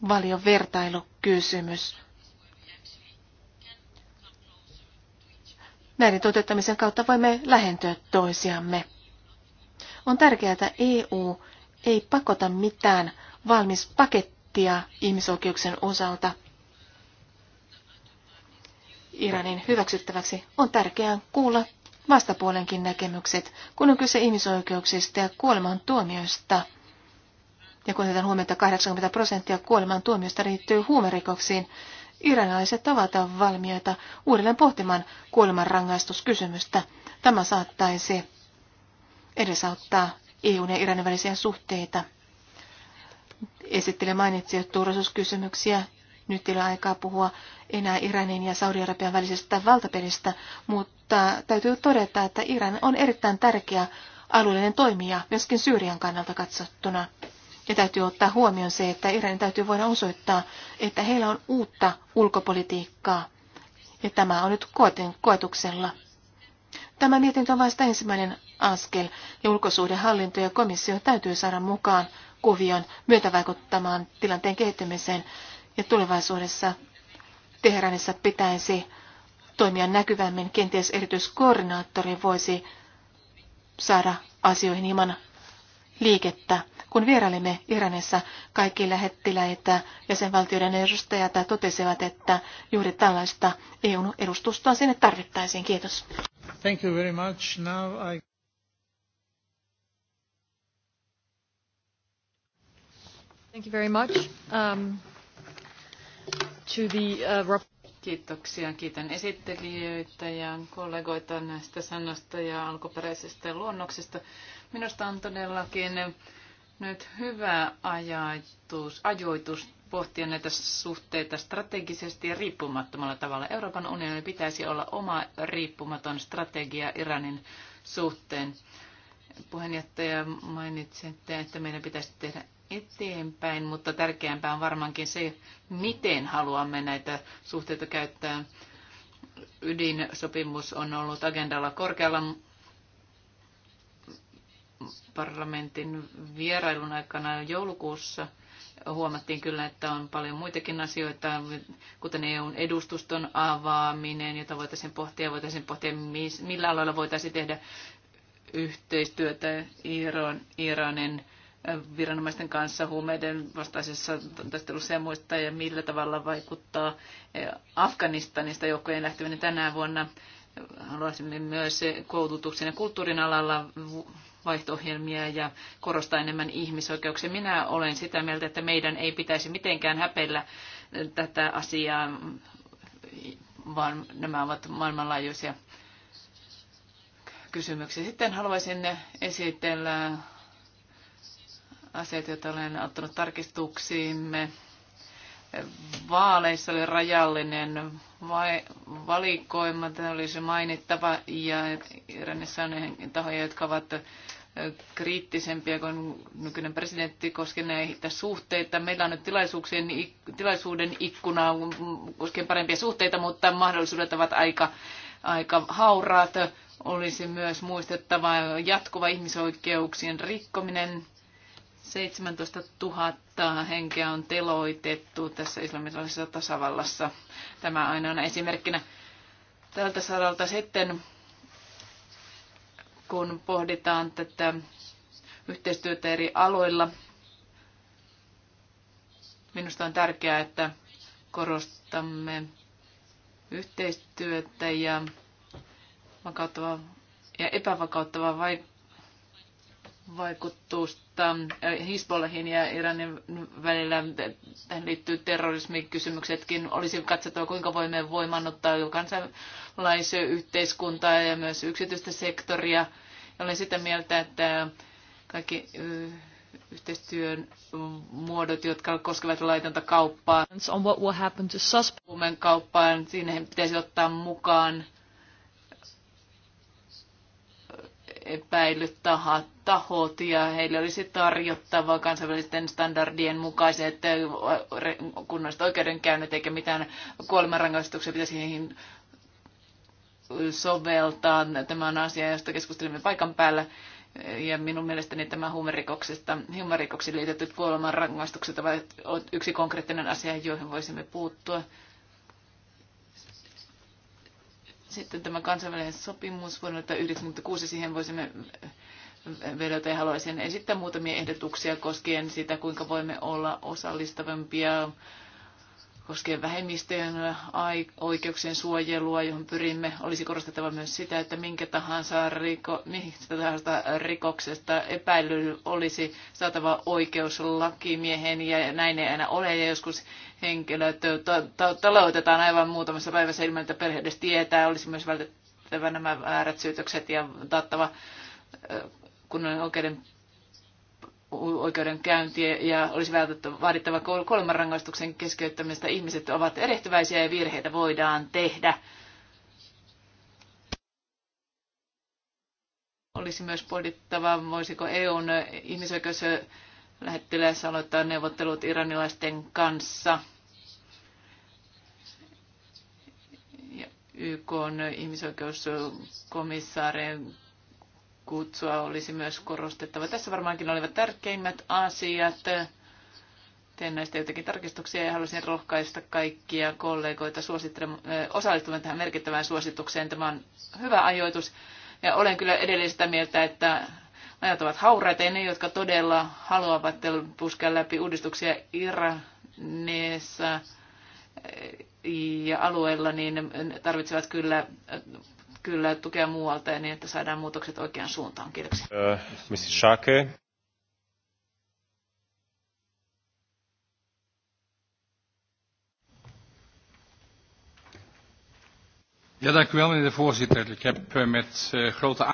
[SPEAKER 2] valion vertailukysymys. Näiden toteuttamisen kautta voimme lähentyä toisiamme. On tärkeää, että EU ei pakota mitään valmis pakettia ihmisoikeuksien osalta Iranin hyväksyttäväksi. On tärkeää kuulla vastapuolenkin näkemykset, kun on kyse ihmisoikeuksista ja kuolemantuomioista. tuomioista – ja kun otetaan huomioon, että 80 prosenttia kuolemantuomiosta riittyy huumerikoksiin, iranilaiset ovat valmiita uudelleen pohtimaan kuolemanrangaistuskysymystä. Tämä saattaisi edesauttaa EUn ja Iranin välisiä suhteita. Esittele mainitsi jo turvallisuuskysymyksiä. Nyt ei ole aikaa puhua enää Iranin ja Saudi-Arabian välisestä valtapelistä, mutta täytyy todeta, että Iran on erittäin tärkeä alueellinen toimija myöskin Syyrian kannalta katsottuna. Ja täytyy ottaa huomioon se, että Iranin täytyy voida osoittaa, että heillä on uutta ulkopolitiikkaa. Ja tämä on nyt koetin, koetuksella. Tämä mietintö on vasta ensimmäinen askel, ja ulkosuhdehallinto ja komissio täytyy saada mukaan kuvion myötävaikuttamaan tilanteen kehittymiseen, ja tulevaisuudessa Teheranissa pitäisi toimia näkyvämmin. Kenties erityiskoordinaattori voisi saada asioihin hieman liikettä. Kun vierailimme Iranissa, kaikki lähettiläitä ja sen valtioiden edustajat totesivat, että juuri tällaista eu edustustoa sinne tarvittaisiin. Kiitos.
[SPEAKER 1] Thank you very much. Now I...
[SPEAKER 2] Thank you very much. Um, to the, uh,
[SPEAKER 3] Kiitoksia. Kiitän esittelijöitä ja kollegoita näistä sanoista ja alkuperäisestä luonnoksesta. Minusta on todellakin nyt hyvä ajatus, ajoitus pohtia näitä suhteita strategisesti ja riippumattomalla tavalla. Euroopan unionin pitäisi olla oma riippumaton strategia Iranin suhteen. Puheenjohtaja mainitsitte, että meidän pitäisi tehdä eteenpäin, mutta tärkeämpää on varmaankin se, miten haluamme näitä suhteita käyttää. Ydinsopimus on ollut agendalla korkealla, parlamentin vierailun aikana joulukuussa huomattiin kyllä, että on paljon muitakin asioita, kuten EUn edustuston avaaminen, jota voitaisiin pohtia, voitaisiin pohtia, millä aloilla voitaisiin tehdä yhteistyötä Iran, Iranin viranomaisten kanssa huumeiden vastaisessa taistelussa ja muista, ja millä tavalla vaikuttaa Afganistanista joukkojen lähteminen tänä vuonna. Haluaisimme myös koulutuksen ja kulttuurin alalla vaihto ja korostaa enemmän ihmisoikeuksia. Minä olen sitä mieltä, että meidän ei pitäisi mitenkään häpeillä tätä asiaa, vaan nämä ovat maailmanlaajuisia kysymyksiä. Sitten haluaisin esitellä asiat, joita olen ottanut tarkistuksiimme vaaleissa oli rajallinen vai, valikoima, tämä se mainittava, ja Iranissa on tahoja, jotka ovat kriittisempiä kuin nykyinen presidentti koskien näitä suhteita. Meillä on nyt tilaisuuksien, tilaisuuden ikkuna koskien parempia suhteita, mutta mahdollisuudet ovat aika, aika hauraat. Olisi myös muistettava jatkuva ihmisoikeuksien rikkominen 17 000 henkeä on teloitettu tässä islamilaisessa tasavallassa. Tämä aina on esimerkkinä tältä saralta sitten, kun pohditaan tätä yhteistyötä eri aloilla. Minusta on tärkeää, että korostamme yhteistyötä ja ja epävakauttavaa vaikutusta vaikutusta äh, Hisbollahin ja Iranin välillä. Tähän liittyy terrorismikysymyksetkin. Olisi katsottava, kuinka voimme voimannuttaa kansalaisyhteiskuntaa ja myös yksityistä sektoria. Olen sitä mieltä, että kaikki äh, yhteistyön muodot, jotka koskevat laitonta kauppaa. On what will happen to kauppaan, siihen pitäisi ottaa mukaan epäilyt tahat, tahot ja heille olisi tarjottava kansainvälisten standardien mukaiset kunnolliset oikeudenkäynnit eikä mitään kuolemanrangaistuksia pitäisi heihin soveltaa. Tämä on asia, josta keskustelimme paikan päällä. Ja minun mielestäni tämä huumerikoksista, huumerikoksiin liitetyt kuolemanrangaistukset ovat yksi konkreettinen asia, joihin voisimme puuttua. Sitten tämä kansainvälinen sopimus vuonna 1996, siihen voisimme eh, vedota ja haluaisin esittää muutamia ehdotuksia koskien sitä, kuinka voimme olla osallistavampia koskien vähemmistöjen oikeuksien suojelua, johon pyrimme. Olisi korostettava myös sitä, että minkä tahansa, riko, minkä tahansa rikoksesta epäily olisi saatava oikeus lakimiehen ja näin ei aina ole. Ja joskus henkilöt taloutetaan aivan muutamassa päivässä ilman, että perhe edes tietää. Olisi myös vältettävä nämä väärät syytökset ja taattava kunnon oikeuden oikeudenkäynti ja olisi vältettävä, vaadittava kolman rangaistuksen keskeyttämistä. Ihmiset ovat erehtyväisiä ja virheitä voidaan tehdä. Olisi myös pohdittava, voisiko EUn ihmisoikeus lähettiläs aloittaa neuvottelut iranilaisten kanssa. Ja YK on ihmisoikeuskomissaarin kutsua olisi myös korostettava. Tässä varmaankin olivat tärkeimmät asiat. Teen näistä jotakin tarkistuksia ja haluaisin rohkaista kaikkia kollegoita osallistumaan tähän merkittävään suositukseen. Tämä on hyvä ajoitus ja olen kyllä edelleen sitä mieltä, että Ajat ovat hauraita ja ne, jotka todella haluavat puskea läpi uudistuksia Iraneessa eh, ja alueella, niin ne tarvitsevat kyllä, eh, kyllä tukea muualta ja niin, että saadaan muutokset oikeaan
[SPEAKER 2] suuntaan.
[SPEAKER 1] Kiitoksia. Uh, Mrs. Ja, dank u wel, meneer de voorzitter. Ik heb eh, met uh, grote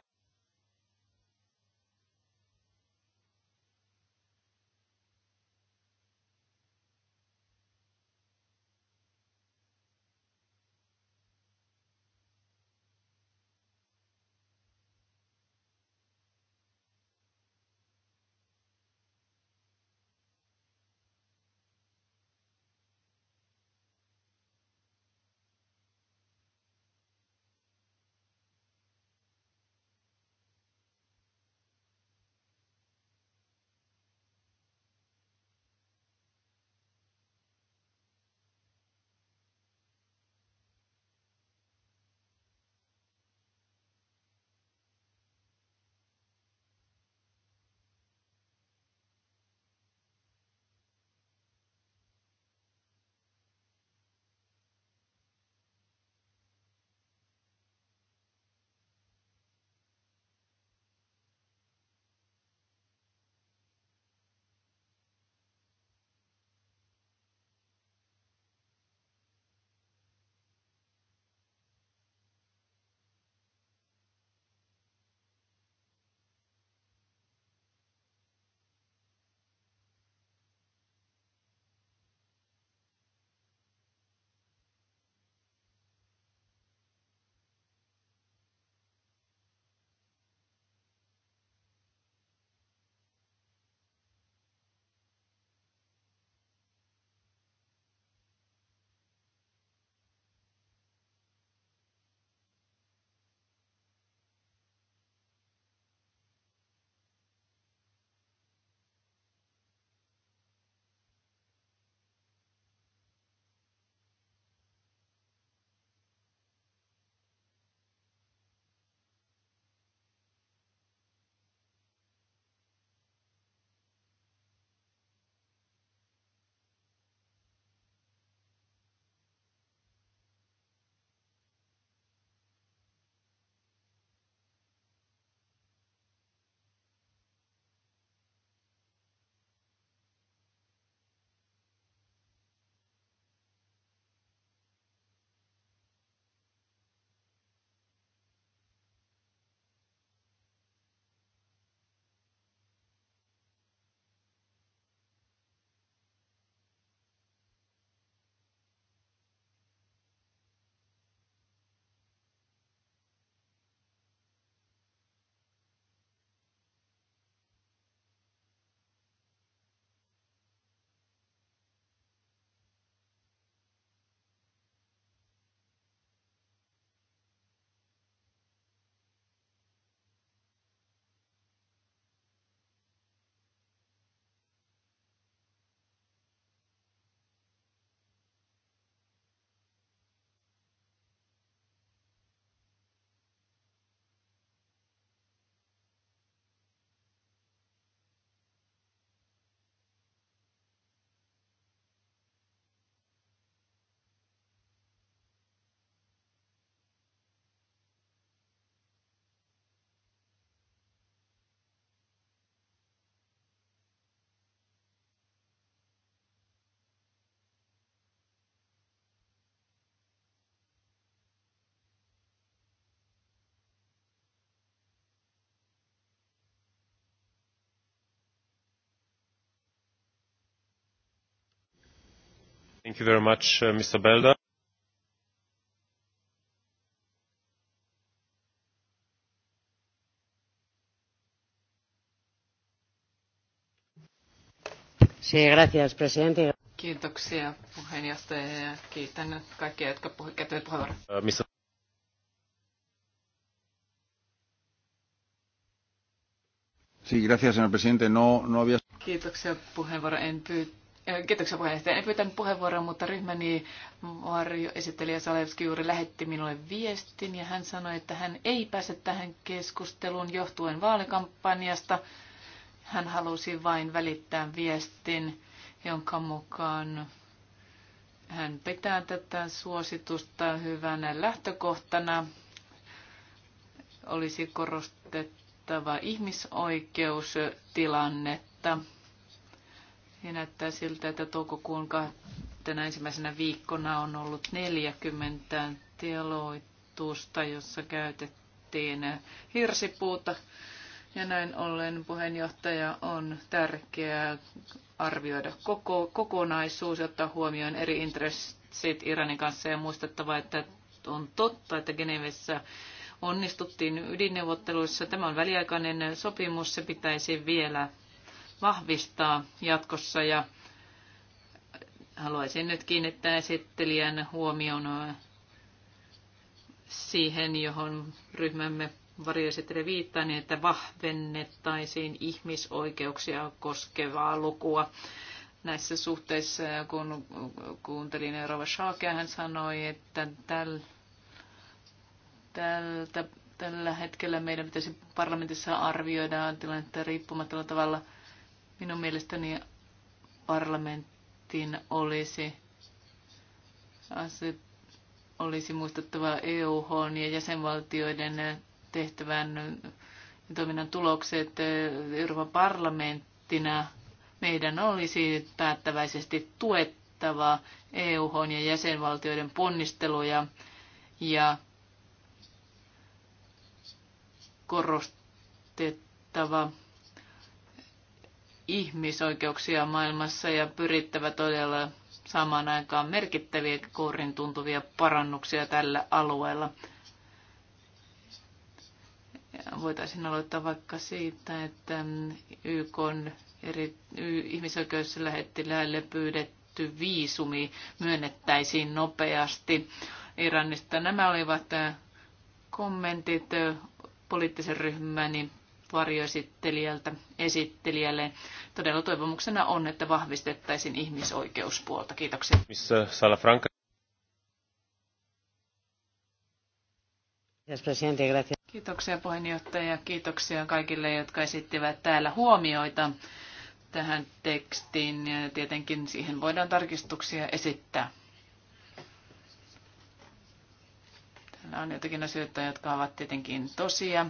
[SPEAKER 1] Thank you very much, uh, Mr. Belder.
[SPEAKER 2] Sí, gracias,
[SPEAKER 3] presidente. Kiitoksia puheenjohtaja ja kiitän kaikkia, jotka käyttävät puheenvuoron.
[SPEAKER 1] Uh, Sí, gracias, señor presidente. No, no había...
[SPEAKER 3] Kiitoksia puheenvuoron. En pyytä. Kiitoksia puheenjohtaja. En pyytänyt puheenvuoroa, mutta ryhmäni varjoesittelijä Salevski juuri lähetti minulle viestin ja hän sanoi, että hän ei pääse tähän keskusteluun johtuen vaalikampanjasta. Hän halusi vain välittää viestin, jonka mukaan hän pitää tätä suositusta hyvänä lähtökohtana. Olisi korostettava ihmisoikeustilannetta ja näyttää siltä, että toukokuun kahtena ensimmäisenä viikkona on ollut 40 teloitusta, jossa käytettiin hirsipuuta. Ja näin ollen puheenjohtaja on tärkeää arvioida koko, kokonaisuus, ottaa huomioon eri intressit Iranin kanssa ja muistettava, että on totta, että Genevessä onnistuttiin ydinneuvotteluissa. Tämä on väliaikainen sopimus, se pitäisi vielä vahvistaa jatkossa ja haluaisin nyt kiinnittää esittelijän huomion siihen, johon ryhmämme varjoesittelijä viittaa, niin että vahvennettaisiin ihmisoikeuksia koskevaa lukua näissä suhteissa. Kun kuuntelin Eurova Schaakea, hän sanoi, että täl, tältä, tällä hetkellä meidän pitäisi parlamentissa arvioida tilannetta riippumattomalla tavalla – Minun mielestäni parlamentin olisi, olisi muistettava EUH ja jäsenvaltioiden tehtävän ja toiminnan tulokset Euroopan parlamenttina. Meidän olisi päättäväisesti tuettava EUH ja jäsenvaltioiden ponnisteluja ja korostettava ihmisoikeuksia maailmassa ja pyrittävä todella saamaan aikaan merkittäviä kourin tuntuvia parannuksia tällä alueella. Ja voitaisiin aloittaa vaikka siitä, että YK on eri, ihmisoikeuslähettiläälle pyydetty viisumi myönnettäisiin nopeasti Iranista. Nämä olivat kommentit poliittisen ryhmäni varjoesittelijältä esittelijälle. Todella toivomuksena on, että vahvistettaisiin ihmisoikeuspuolta. Kiitoksia.
[SPEAKER 1] Missä uh, Salafranca?
[SPEAKER 3] Kiitoksia puheenjohtaja ja kiitoksia kaikille, jotka esittivät täällä huomioita tähän tekstiin. Ja tietenkin siihen voidaan tarkistuksia esittää. Täällä on jotakin asioita, jotka ovat tietenkin tosia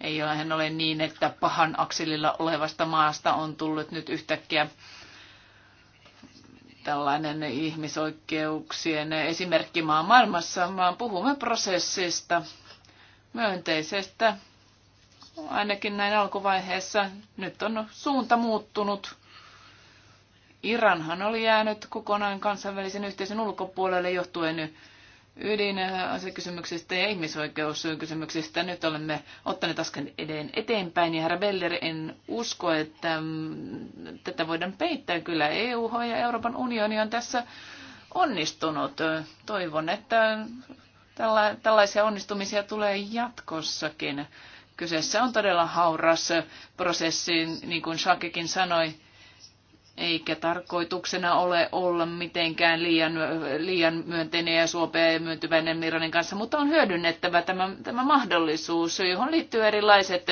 [SPEAKER 3] ei hän ole niin, että pahan akselilla olevasta maasta on tullut nyt yhtäkkiä tällainen ihmisoikeuksien esimerkkimaa maailmassa, vaan puhumme prosessista, myönteisestä, ainakin näin alkuvaiheessa. Nyt on suunta muuttunut. Iranhan oli jäänyt kokonaan kansainvälisen yhteisön ulkopuolelle johtuen ydinasekysymyksistä ja ihmisoikeuskysymyksistä. Nyt olemme ottaneet askel edeen eteenpäin. Ja herra Beller, en usko, että mm, tätä voidaan peittää. Kyllä EU ja Euroopan unioni on tässä onnistunut. Toivon, että tällaisia onnistumisia tulee jatkossakin. Kyseessä on todella hauras prosessi, niin kuin Shakekin sanoi eikä tarkoituksena ole olla mitenkään liian, liian myönteinen ja suopea ja myöntyväinen Miranin kanssa, mutta on hyödynnettävä tämä, tämä mahdollisuus, johon liittyy erilaiset,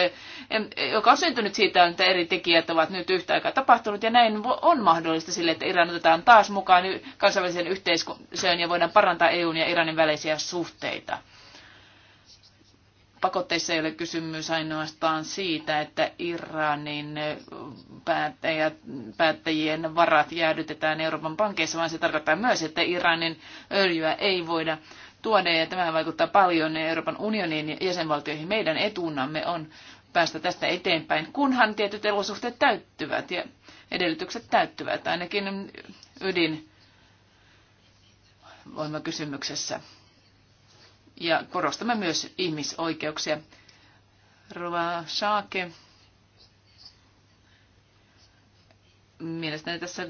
[SPEAKER 3] joka on syntynyt siitä, että eri tekijät ovat nyt yhtä aikaa tapahtunut, ja näin on mahdollista sille, että Iran otetaan taas mukaan kansainväliseen yhteisöön ja voidaan parantaa EUn ja Iranin välisiä suhteita pakotteissa ei ole kysymys ainoastaan siitä, että Iranin päättäjien varat jäädytetään Euroopan pankeissa, vaan se tarkoittaa myös, että Iranin öljyä ei voida tuoda, ja tämä vaikuttaa paljon Euroopan unionin jäsenvaltioihin. Meidän etunamme on päästä tästä eteenpäin, kunhan tietyt olosuhteet täyttyvät ja edellytykset täyttyvät, ainakin ydin voimakysymyksessä. kysymyksessä ja korostamme myös ihmisoikeuksia. Rova Saake, mielestäni tässä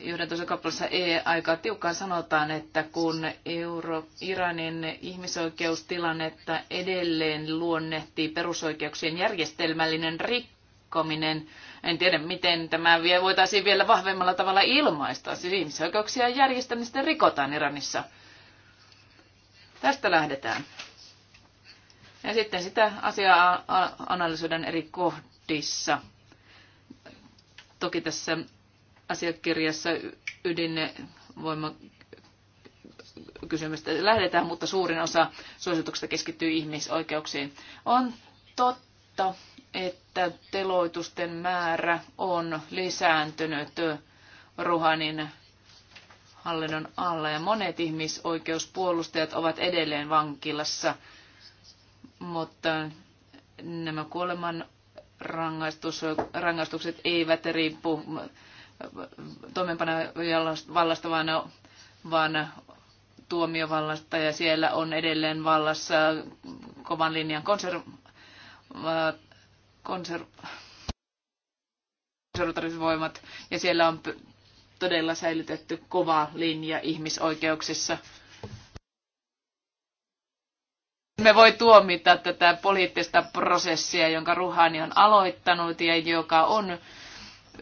[SPEAKER 3] yhdentoisen kappalassa E aika tiukkaan sanotaan, että kun Euro, Iranin ihmisoikeustilannetta edelleen luonnehtii perusoikeuksien järjestelmällinen rikkominen, en tiedä miten tämä voitaisiin vielä vahvemmalla tavalla ilmaista. Siis ihmisoikeuksia järjestelmistä rikotaan Iranissa. Tästä lähdetään. Ja sitten sitä asiaa analysoidaan eri kohdissa. Toki tässä asiakirjassa kysymystä lähdetään, mutta suurin osa suosituksista keskittyy ihmisoikeuksiin. On totta, että teloitusten määrä on lisääntynyt Ruhanin hallinnon alla ja monet ihmisoikeuspuolustajat ovat edelleen vankilassa, mutta nämä kuoleman rangaistus, rangaistukset eivät riippu toimeenpanovallasta, vaan, vaan tuomiovallasta ja siellä on edelleen vallassa kovan linjan konser, konser, ja siellä on todella säilytetty kova linja ihmisoikeuksissa. Me voi tuomita tätä poliittista prosessia, jonka Ruhani on aloittanut ja joka on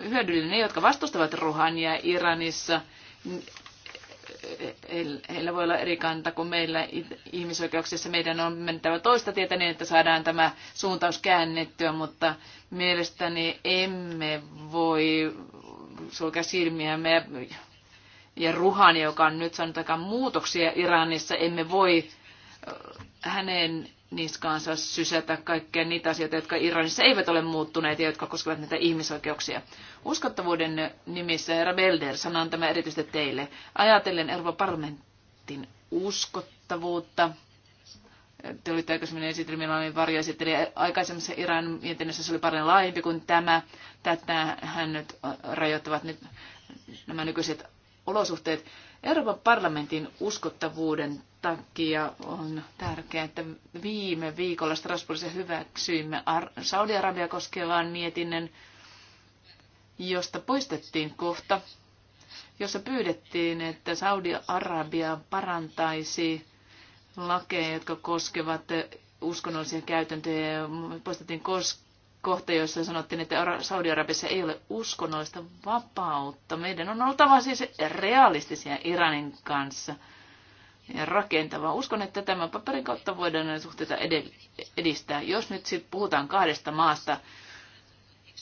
[SPEAKER 3] hyödyllinen. Ne, jotka vastustavat Ruhania Iranissa, heillä voi olla eri kanta kuin meillä ihmisoikeuksissa. Meidän on mentävä toista tietä niin, että saadaan tämä suuntaus käännettyä, mutta mielestäni emme voi sulkea silmiämme ja, ja Ruhani, joka on nyt saanut aika muutoksia Iranissa, emme voi hänen niskaansa sysätä kaikkia niitä asioita, jotka Iranissa eivät ole muuttuneet ja jotka koskevat niitä ihmisoikeuksia. Uskottavuuden nimissä, herra Belder, sanon tämä erityisesti teille. Ajatellen Euroopan parlamentin uskottavuutta, te olitte aikaisemmin esitelmillä, olin varjoesittelijä. Aikaisemmassa Iran mietinnössä se oli paljon laajempi kuin tämä. Tätä hän nyt rajoittavat nyt nämä nykyiset olosuhteet. Euroopan parlamentin uskottavuuden takia on tärkeää, että viime viikolla Strasbourgissa hyväksyimme Saudi-Arabia koskevan mietinnön, josta poistettiin kohta, jossa pyydettiin, että Saudi-Arabia parantaisi lakeja, jotka koskevat uskonnollisia käytäntöjä. Postattiin kos- kohta, jossa sanottiin, että Saudi-Arabiassa ei ole uskonnollista vapautta. Meidän on oltava siis realistisia Iranin kanssa ja rakentavaa. Uskon, että tämän paperin kautta voidaan suhteita edistää. Jos nyt sit puhutaan kahdesta maasta,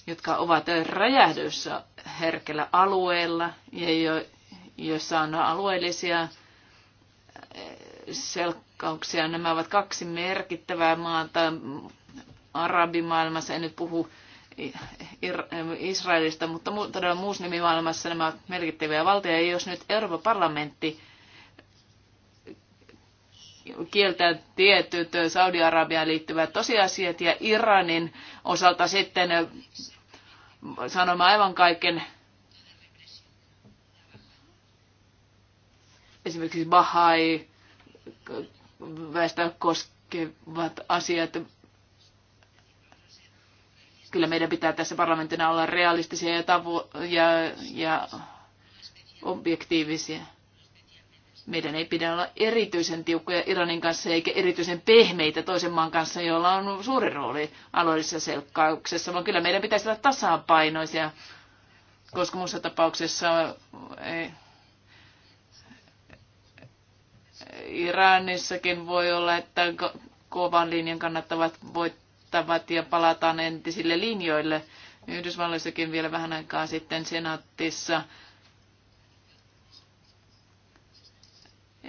[SPEAKER 3] jotka ovat räjähdyssä herkellä alueella ja jo, joissa on alueellisia selkkauksia. Nämä ovat kaksi merkittävää maata arabimaailmassa. En nyt puhu Israelista, mutta todella muslimimaailmassa nämä ovat merkittäviä valtioita. Ja jos nyt Euroopan parlamentti kieltää tietyt Saudi-Arabiaan liittyvät tosiasiat ja Iranin osalta sitten sanomaan aivan kaiken esimerkiksi Bahai väestöä koskevat asiat. Kyllä meidän pitää tässä parlamentina olla realistisia ja, tavo- ja, ja objektiivisia. Meidän ei pidä olla erityisen tiukkoja Iranin kanssa eikä erityisen pehmeitä toisen maan kanssa, jolla on suuri rooli alueellisessa selkkauksessa, vaan kyllä meidän pitäisi olla tasapainoisia, koska muussa tapauksessa ei, Iranissakin voi olla, että kovan linjan kannattavat voittavat ja palataan entisille linjoille. Yhdysvalloissakin vielä vähän aikaa sitten senaatissa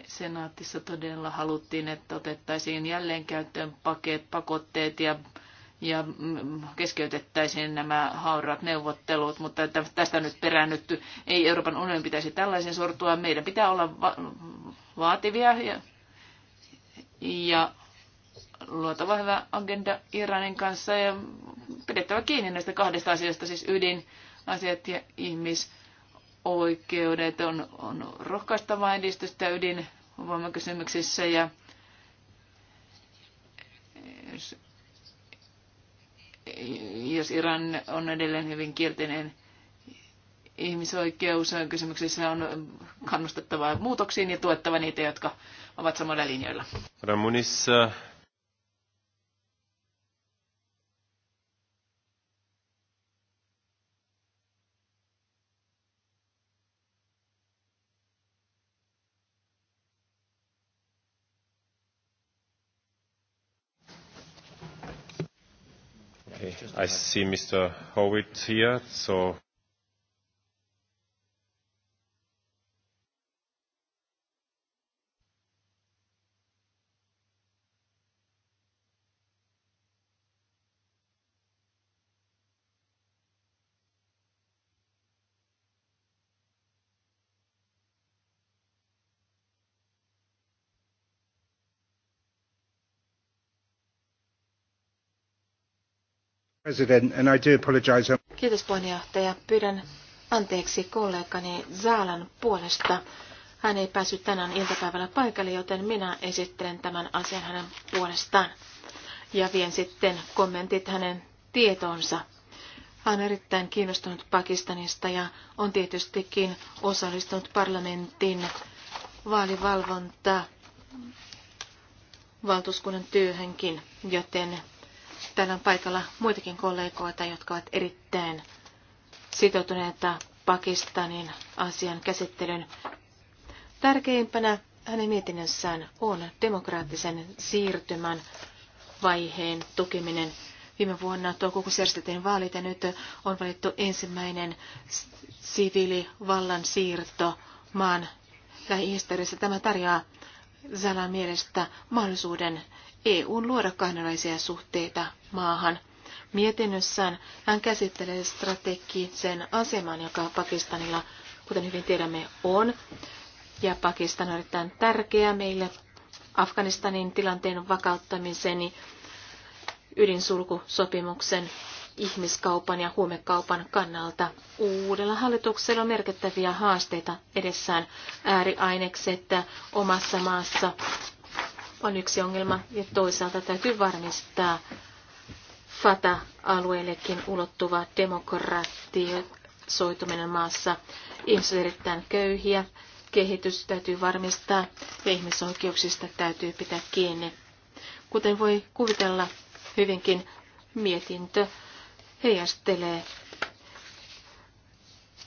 [SPEAKER 3] senaatissa todella haluttiin, että otettaisiin jälleen käyttöön paket, pakotteet ja ja mm, keskeytettäisiin nämä hauraat neuvottelut, mutta tästä on nyt peräännytty. Ei Euroopan unionin pitäisi tällaisen sortua. Meidän pitää olla va- vaativia ja, ja luotava hyvä agenda Iranin kanssa ja pidettävä kiinni näistä kahdesta asiasta, siis ydinasiat ja ihmisoikeudet. On, on rohkaistavaa edistystä ydinvoimakysymyksissä ja jos Iran on edelleen hyvin kielteinen ihmisoikeus on kysymyksessä on kannustettava muutoksiin ja tuettava niitä, jotka ovat samoilla linjoilla.
[SPEAKER 1] Äh, I see Mr. Howitt here, so
[SPEAKER 2] Kiitos puheenjohtaja. Pyydän anteeksi kollegani Zaalan puolesta. Hän ei päässyt tänään iltapäivällä paikalle, joten minä esittelen tämän asian hänen puolestaan ja vien sitten kommentit hänen tietoonsa. Hän on erittäin kiinnostunut Pakistanista ja on tietystikin osallistunut parlamentin vaalivalvonta valtuuskunnan työhönkin, joten Täällä on paikalla muitakin kollegoita, jotka ovat erittäin sitoutuneita Pakistanin asian käsittelyn. Tärkeimpänä hänen mietinnössään on demokraattisen siirtymän vaiheen tukeminen. Viime vuonna toukokuussa järjestettiin vaalit ja nyt on valittu ensimmäinen siviilivallan siirto maan lähihistoriassa. Tämä tarjoaa Zalan mielestä mahdollisuuden EUn luoda kahdenlaisia suhteita maahan. Mietinnössään hän käsittelee strategisen aseman, joka Pakistanilla, kuten hyvin tiedämme, on. Ja Pakistan on erittäin tärkeä meille Afganistanin tilanteen vakauttamisen, ydinsulkusopimuksen, ihmiskaupan ja huumekaupan kannalta. Uudella hallituksella on merkittäviä haasteita edessään ääriainekset omassa maassa on yksi ongelma ja toisaalta täytyy varmistaa FATA-alueellekin ulottuva demokratisoituminen maassa. Ihmiset ovat erittäin köyhiä, kehitys täytyy varmistaa ja ihmisoikeuksista täytyy pitää kiinni. Kuten voi kuvitella hyvinkin, mietintö heijastelee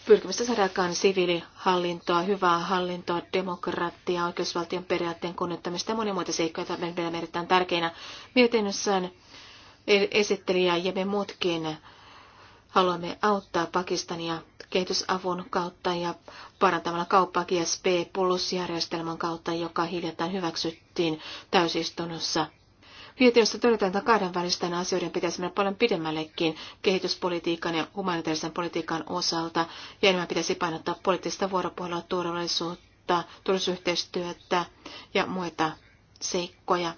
[SPEAKER 2] pyrkimystä saada aikaan siviilihallintoa, hyvää hallintoa, demokratiaa, oikeusvaltion periaatteen kunnioittamista ja monia muita seikkoja, joita me pidämme erittäin tärkeinä. Mietinnössään e- esittelijä ja me muutkin haluamme auttaa Pakistania kehitysavun kautta ja parantamalla kauppaa GSP Plus-järjestelmän kautta, joka hiljattain hyväksyttiin täysistunnossa. Mietinnössä todetaan, että kahdenvälisten asioiden pitäisi mennä paljon pidemmällekin kehityspolitiikan ja humanitaarisen politiikan osalta, ja enemmän pitäisi painottaa poliittista vuoropuhelua, turvallisuutta, turvallisuusyhteistyötä ja muita seikkoja,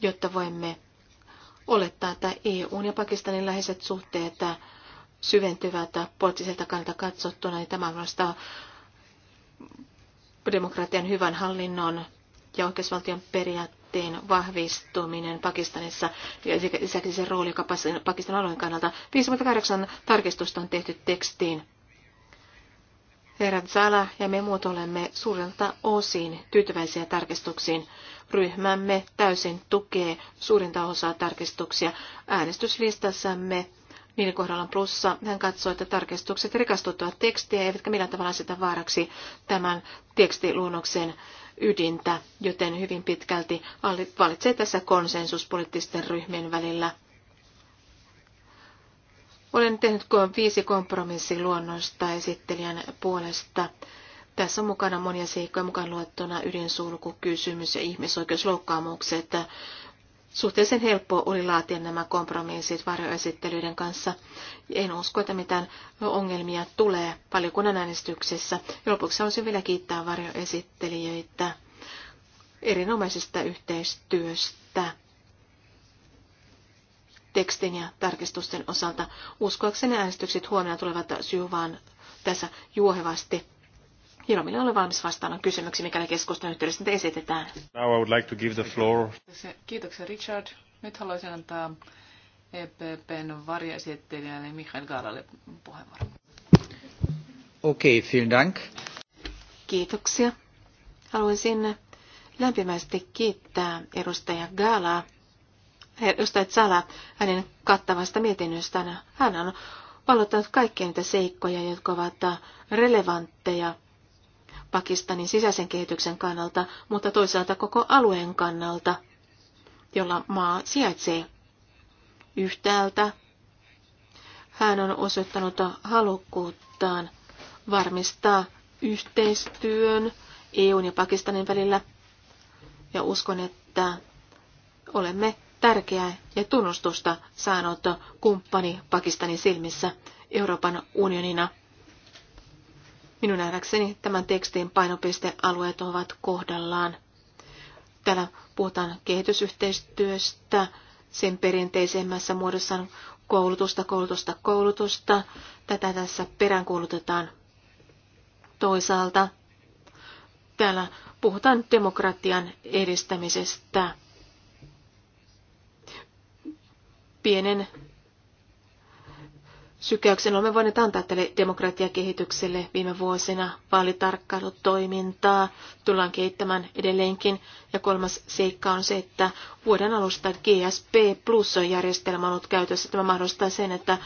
[SPEAKER 2] jotta voimme olettaa, että EU ja Pakistanin läheiset suhteet syventyvät poliittiselta kannalta katsottuna, niin tämä vastaa demokratian hyvän hallinnon ja oikeusvaltion periaatteen demokraattien vahvistuminen Pakistanissa ja lisäksi se rooli, joka Pakistan alueen kannalta. 58 tarkistusta on tehty tekstiin. Herrat Zala ja me muut olemme suurelta osin tyytyväisiä tarkistuksiin. Ryhmämme täysin tukee suurinta osaa tarkistuksia. Äänestyslistassamme niiden kohdalla on plussa. Hän katsoo, että tarkistukset rikastuttavat tekstiä eivätkä millään tavalla sitä vaaraksi tämän tekstiluonnoksen ydintä, joten hyvin pitkälti valitsee tässä konsensus poliittisten ryhmien välillä. Olen tehnyt viisi kompromissiluonnosta esittelijän puolesta. Tässä on mukana monia seikkoja, mukaan luettuna ydinsulkukysymys ja ihmisoikeusloukkaamukset. Suhteellisen helppoa oli laatia nämä kompromissit varjoesittelyiden kanssa. En usko, että mitään ongelmia tulee valiokunnan äänestyksessä. Lopuksi haluaisin vielä kiittää varjoesittelijöitä erinomaisesta yhteistyöstä tekstin ja tarkistusten osalta. Uskoakseni äänestykset huomenna tulevat syyvaan tässä juohevasti Hiromille olen valmis vastaamaan kysymyksiin, mikäli keskustelun yhteydessä nyt esitetään.
[SPEAKER 1] Now I would like to give the floor.
[SPEAKER 2] Kiitoksia
[SPEAKER 3] Richard. Nyt haluaisin antaa EPPn varjaesittelijälle Michael Gaalalle puheenvuoron.
[SPEAKER 1] Okei, okay, vielen dank.
[SPEAKER 2] Kiitoksia. Haluaisin lämpimästi kiittää edustaja Gaalaa, edustaja Zala, hänen kattavasta mietinnöstään. Hän on valottanut kaikkia niitä seikkoja, jotka ovat relevantteja Pakistanin sisäisen kehityksen kannalta, mutta toisaalta koko alueen kannalta, jolla maa sijaitsee. Yhtäältä hän on osoittanut halukkuuttaan varmistaa yhteistyön EUn ja Pakistanin välillä, ja uskon, että olemme tärkeää ja tunnustusta saanut kumppani Pakistanin silmissä Euroopan unionina. Minun nähdäkseni tämän tekstin painopistealueet ovat kohdallaan. Täällä puhutaan kehitysyhteistyöstä, sen perinteisemmässä muodossaan koulutusta, koulutusta, koulutusta. Tätä tässä peräänkuulutetaan. Toisaalta täällä puhutaan demokratian edistämisestä. Pienen sykäyksen olemme voineet antaa tälle demokratiakehitykselle viime vuosina. Vaalitarkkailutoimintaa tullaan kehittämään edelleenkin. Ja kolmas seikka on se, että vuoden alusta GSP Plus-järjestelmä on ollut käytössä. Tämä mahdollistaa sen, että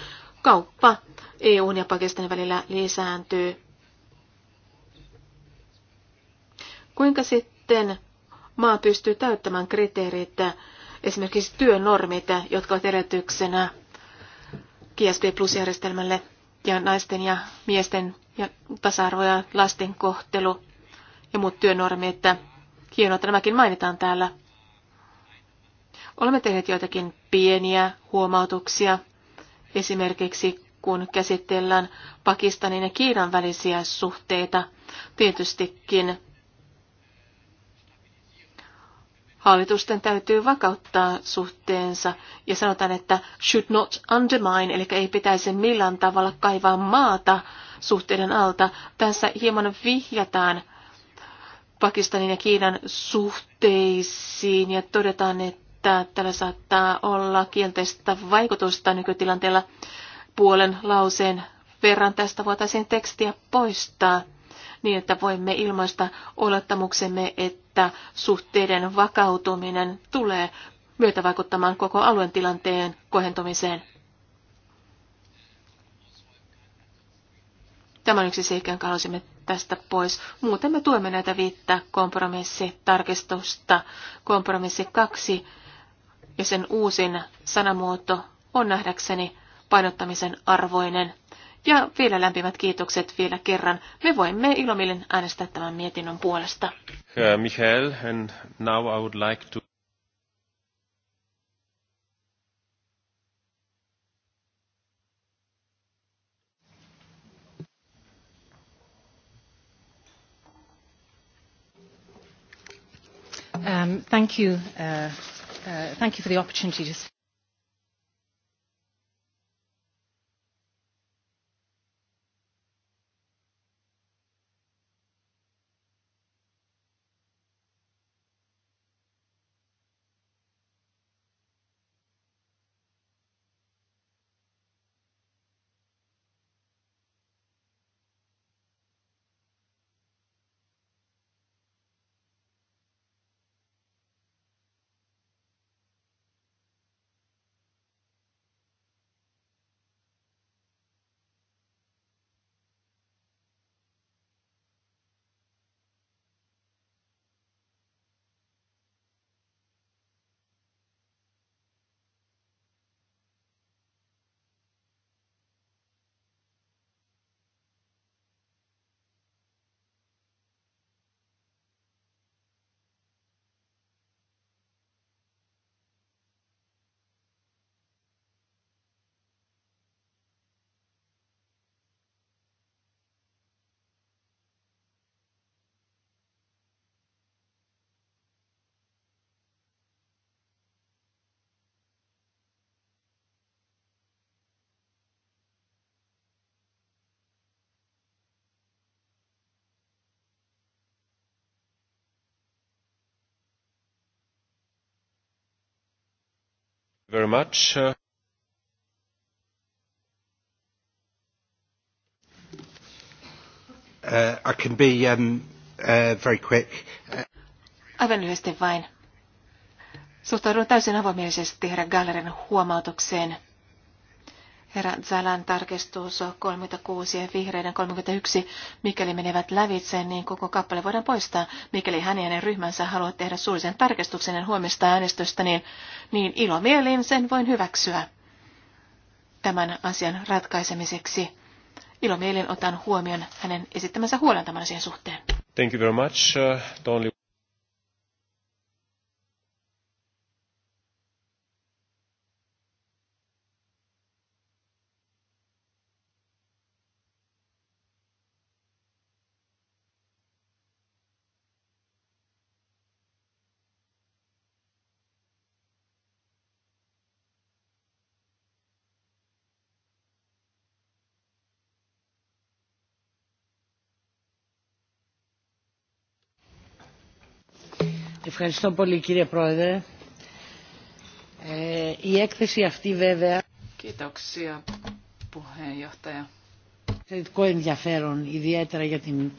[SPEAKER 2] kauppa EUn ja Pakistanin välillä lisääntyy. Kuinka sitten maa pystyy täyttämään kriteerit, esimerkiksi työnormit, jotka ovat edellytyksenä GSP Plus-järjestelmälle ja naisten ja miesten ja tasa-arvo ja lasten kohtelu ja muut että Hienoa, että nämäkin mainitaan täällä. Olemme tehneet joitakin pieniä huomautuksia, esimerkiksi kun käsitellään Pakistanin ja Kiinan välisiä suhteita. Tietystikin Hallitusten täytyy vakauttaa suhteensa ja sanotaan, että should not undermine, eli ei pitäisi millään tavalla kaivaa maata suhteiden alta. Tässä hieman vihjataan Pakistanin ja Kiinan suhteisiin ja todetaan, että tällä saattaa olla kielteistä vaikutusta nykytilanteella puolen lauseen verran tästä voitaisiin tekstiä poistaa niin että voimme ilmaista olettamuksemme, että suhteiden vakautuminen tulee myötävaikuttamaan koko alueen tilanteen kohentumiseen. Tämä on yksi seikka, jonka halusimme tästä pois. Muuten me tuemme näitä viittä kompromissitarkistusta. Kompromissi kaksi ja sen uusin sanamuoto on nähdäkseni painottamisen arvoinen. Ja vielä lämpimät kiitokset vielä kerran. Me voimme ilomielin äänestää tämän mietinnön puolesta.
[SPEAKER 1] Michael, and now I would like to...
[SPEAKER 4] Um, thank you. Uh, uh, thank you for the opportunity to
[SPEAKER 1] very much. Uh, I can be um, uh, very quick. Uh,
[SPEAKER 2] Aivan lyhyesti vain. Suhtaudun täysin avomielisesti herra Gallerin huomautukseen herra Zalan tarkistus 36 ja vihreiden 31, mikäli menevät lävitse, niin koko kappale voidaan poistaa. Mikäli hän ja hänen ryhmänsä haluavat tehdä suullisen tarkistuksen ja huomista äänestystä, niin, niin ilomielin sen voin hyväksyä tämän asian ratkaisemiseksi. Ilomielin otan huomioon hänen esittämänsä huolen tämän asian suhteen.
[SPEAKER 1] Thank you very much. Uh,
[SPEAKER 4] Ευχαριστώ πολύ κύριε Πρόεδρε. Ε, η έκθεση αυτή βέβαια...
[SPEAKER 3] Κοίταξια puheenjohtaja.
[SPEAKER 4] Εξαιρετικό ενδιαφέρον ιδιαίτερα για την...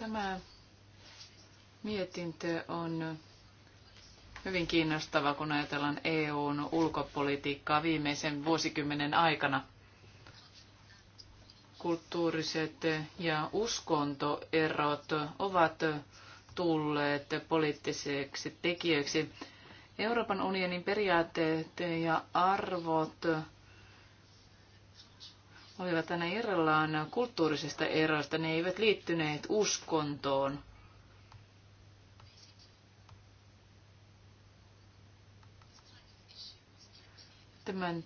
[SPEAKER 3] Tämä mietintö on hyvin kiinnostava, kun ajatellaan EUn ulkopolitiikkaa viimeisen vuosikymmenen aikana. Kulttuuriset ja uskontoerot ovat tulleet poliittiseksi tekijöiksi. Euroopan unionin periaatteet ja arvot olivat aina irrallaan kulttuurisesta eroista. Ne eivät liittyneet uskontoon. Tämän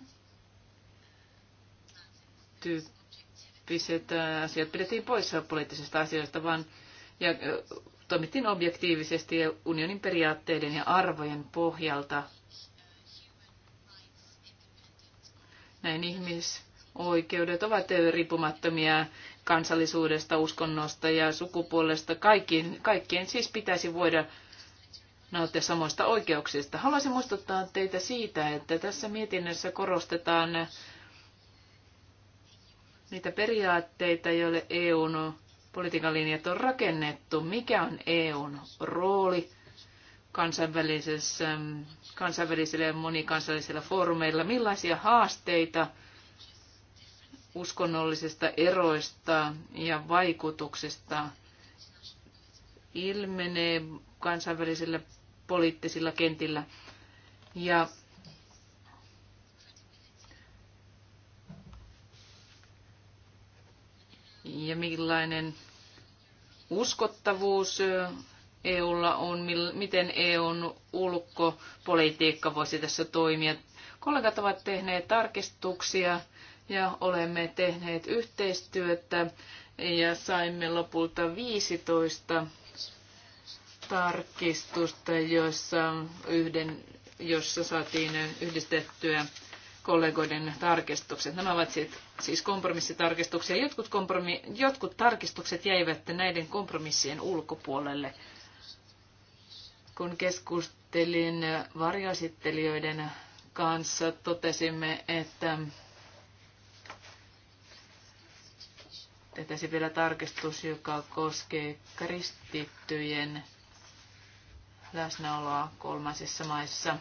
[SPEAKER 3] tyyppiset asiat pidettiin pois poliittisista asioista, vaan ja toimittiin objektiivisesti ja unionin periaatteiden ja arvojen pohjalta. Näin ihmisoikeudet ovat riippumattomia kansallisuudesta, uskonnosta ja sukupuolesta. Kaikkien, kaikkien siis pitäisi voida nauttia samoista oikeuksista. Haluaisin muistuttaa teitä siitä, että tässä mietinnössä korostetaan niitä periaatteita, joille EU on politiikan linjat on rakennettu, mikä on EUn rooli kansainvälisessä, kansainvälisillä ja monikansallisilla foorumeilla, millaisia haasteita uskonnollisista eroista ja vaikutuksista ilmenee kansainvälisillä poliittisilla kentillä. Ja ja millainen uskottavuus EUlla on, miten EUn ulkopolitiikka voisi tässä toimia. Kollegat ovat tehneet tarkistuksia ja olemme tehneet yhteistyötä ja saimme lopulta 15 tarkistusta, joissa, yhden, jossa saatiin yhdistettyä kollegoiden tarkistukset. Nämä ovat siis kompromissitarkistuksia. Jotkut, kompromi- jotkut tarkistukset jäivät näiden kompromissien ulkopuolelle. Kun keskustelin varjoesittelijöiden kanssa, totesimme, että tehtäisiin vielä tarkistus, joka koskee kristittyjen läsnäoloa kolmansissa maissa –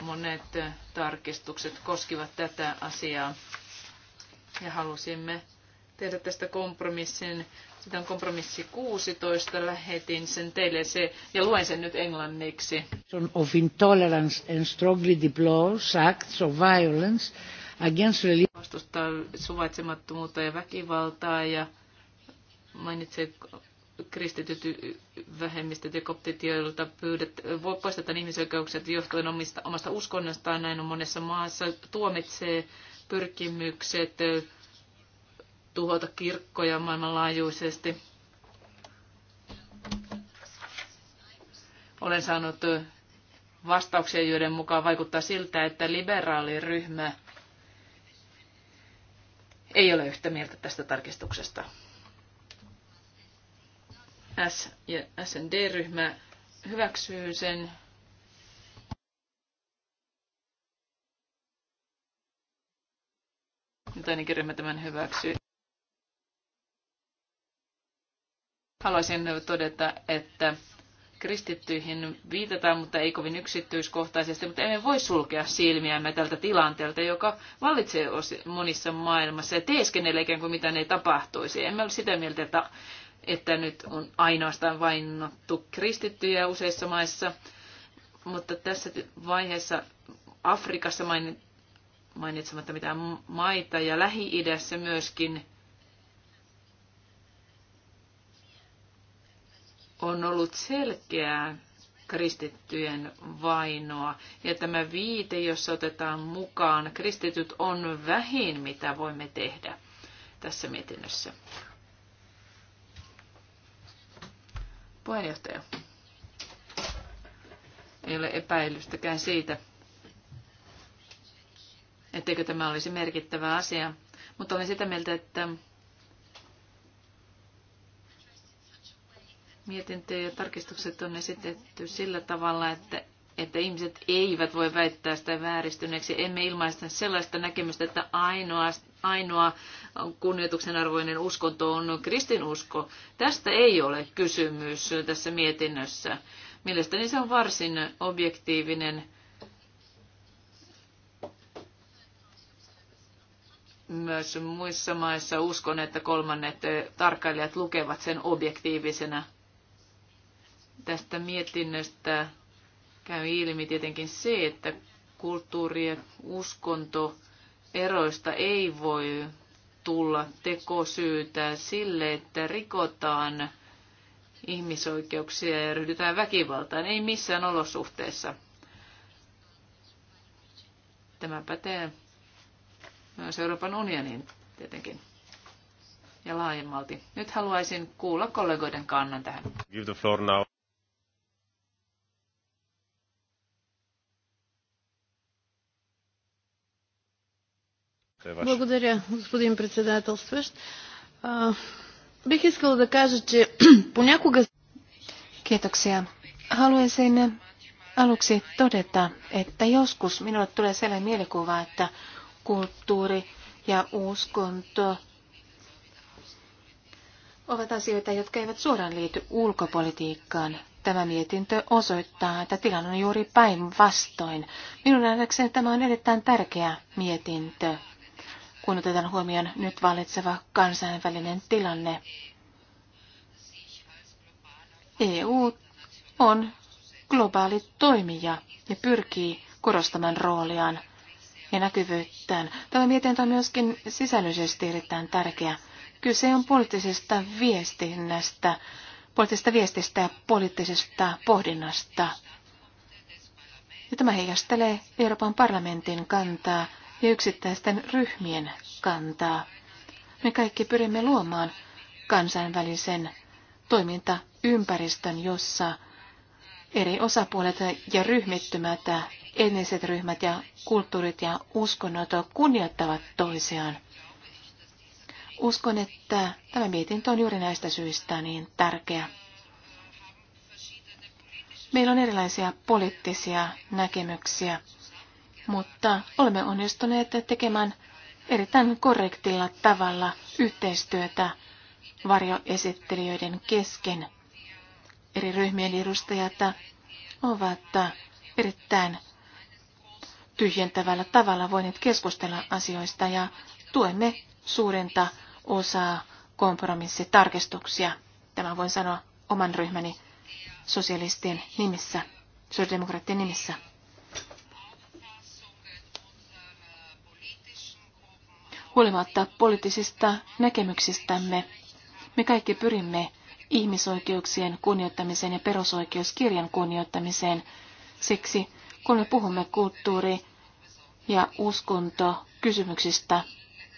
[SPEAKER 3] Monet eh, tarkistukset koskivat tätä asiaa ja halusimme tehdä tästä kompromissin. Sitä on kompromissi 16, lähetin sen teille se, ja luen sen nyt englanniksi.
[SPEAKER 4] Of intolerance and strongly deplores acts of violence against religion. Vastustaa
[SPEAKER 3] suvaitsemattomuutta ja väkivaltaa ja mainitsee kristityt vähemmistöt ja koptit, joilta voi poistetaan ihmisoikeuksia johtuen omista, omasta uskonnostaan, näin on monessa maassa, tuomitsee pyrkimykset tuhota kirkkoja maailmanlaajuisesti. Olen saanut vastauksia, joiden mukaan vaikuttaa siltä, että liberaaliryhmä ei ole yhtä mieltä tästä tarkistuksesta. S- ja SND-ryhmä hyväksyy sen. Nyt ainakin ryhmä tämän hyväksyy. Haluaisin todeta, että kristittyihin viitataan, mutta ei kovin yksityiskohtaisesti, mutta emme voi sulkea silmiämme tältä tilanteelta, joka vallitsee monissa maailmassa ja teeskennelee ikään kuin mitä ne tapahtuisi. Emme ole sitä mieltä, että että nyt on ainoastaan vainottu kristittyjä useissa maissa, mutta tässä vaiheessa Afrikassa mainitsematta mitään maita ja Lähi-idässä myöskin on ollut selkeää kristittyjen vainoa. Ja tämä viite, jossa otetaan mukaan kristityt, on vähin, mitä voimme tehdä tässä mietinnössä. Puheenjohtaja. Ei ole epäilystäkään siitä, etteikö tämä olisi merkittävä asia, mutta olen sitä mieltä, että mietintö ja tarkistukset on esitetty sillä tavalla, että, että ihmiset eivät voi väittää sitä vääristyneeksi. Emme ilmaista sellaista näkemystä, että ainoastaan ainoa kunnioituksen arvoinen uskonto on kristinusko. Tästä ei ole kysymys tässä mietinnössä. Mielestäni se on varsin objektiivinen myös muissa maissa uskon, että kolmannet tarkkailijat lukevat sen objektiivisena. Tästä mietinnöstä käy ilmi tietenkin se, että kulttuuri ja uskonto eroista ei voi tulla tekosyytä sille, että rikotaan ihmisoikeuksia ja ryhdytään väkivaltaan. Ei missään olosuhteessa. Tämä pätee myös Euroopan unionin tietenkin ja laajemmalti. Nyt haluaisin kuulla kollegoiden kannan tähän.
[SPEAKER 1] Give the floor now.
[SPEAKER 2] Благодаря, господин председателстващ. бих искала да кажа, че понякога... Kiitoksia. Haluaisin aluksi todeta, että joskus minulle tulee sellainen mielikuva, että kulttuuri ja uskonto ovat asioita, jotka eivät suoraan liity ulkopolitiikkaan. Tämä mietintö osoittaa, että tilanne on juuri päinvastoin. Minun nähdäkseni tämä on erittäin tärkeä mietintö kun otetaan huomioon nyt valitseva kansainvälinen tilanne. EU on globaali toimija ja pyrkii korostamaan rooliaan ja näkyvyyttään. Tämä mietintö on myöskin sisällöllisesti erittäin tärkeä. Kyse on poliittisesta viestinnästä, poliittisesta viestistä ja poliittisesta pohdinnasta. Ja tämä heijastelee Euroopan parlamentin kantaa ja yksittäisten ryhmien kantaa. Me kaikki pyrimme luomaan kansainvälisen toimintaympäristön, jossa eri osapuolet ja ryhmittymät, etniset ryhmät ja kulttuurit ja uskonnot kunnioittavat toisiaan. Uskon, että tämä mietintö on juuri näistä syistä niin tärkeä. Meillä on erilaisia poliittisia näkemyksiä mutta olemme onnistuneet tekemään erittäin korrektilla tavalla yhteistyötä varjoesittelijöiden kesken. Eri ryhmien edustajat ovat erittäin tyhjentävällä tavalla voineet keskustella asioista ja tuemme suurinta osaa kompromissitarkistuksia. Tämä voin sanoa oman ryhmäni sosialistien nimissä, sosiaalidemokraattien nimissä. huolimatta poliittisista näkemyksistämme. Me kaikki pyrimme ihmisoikeuksien kunnioittamiseen ja perusoikeuskirjan kunnioittamiseen. Siksi kun me puhumme kulttuuri- ja uskontokysymyksistä,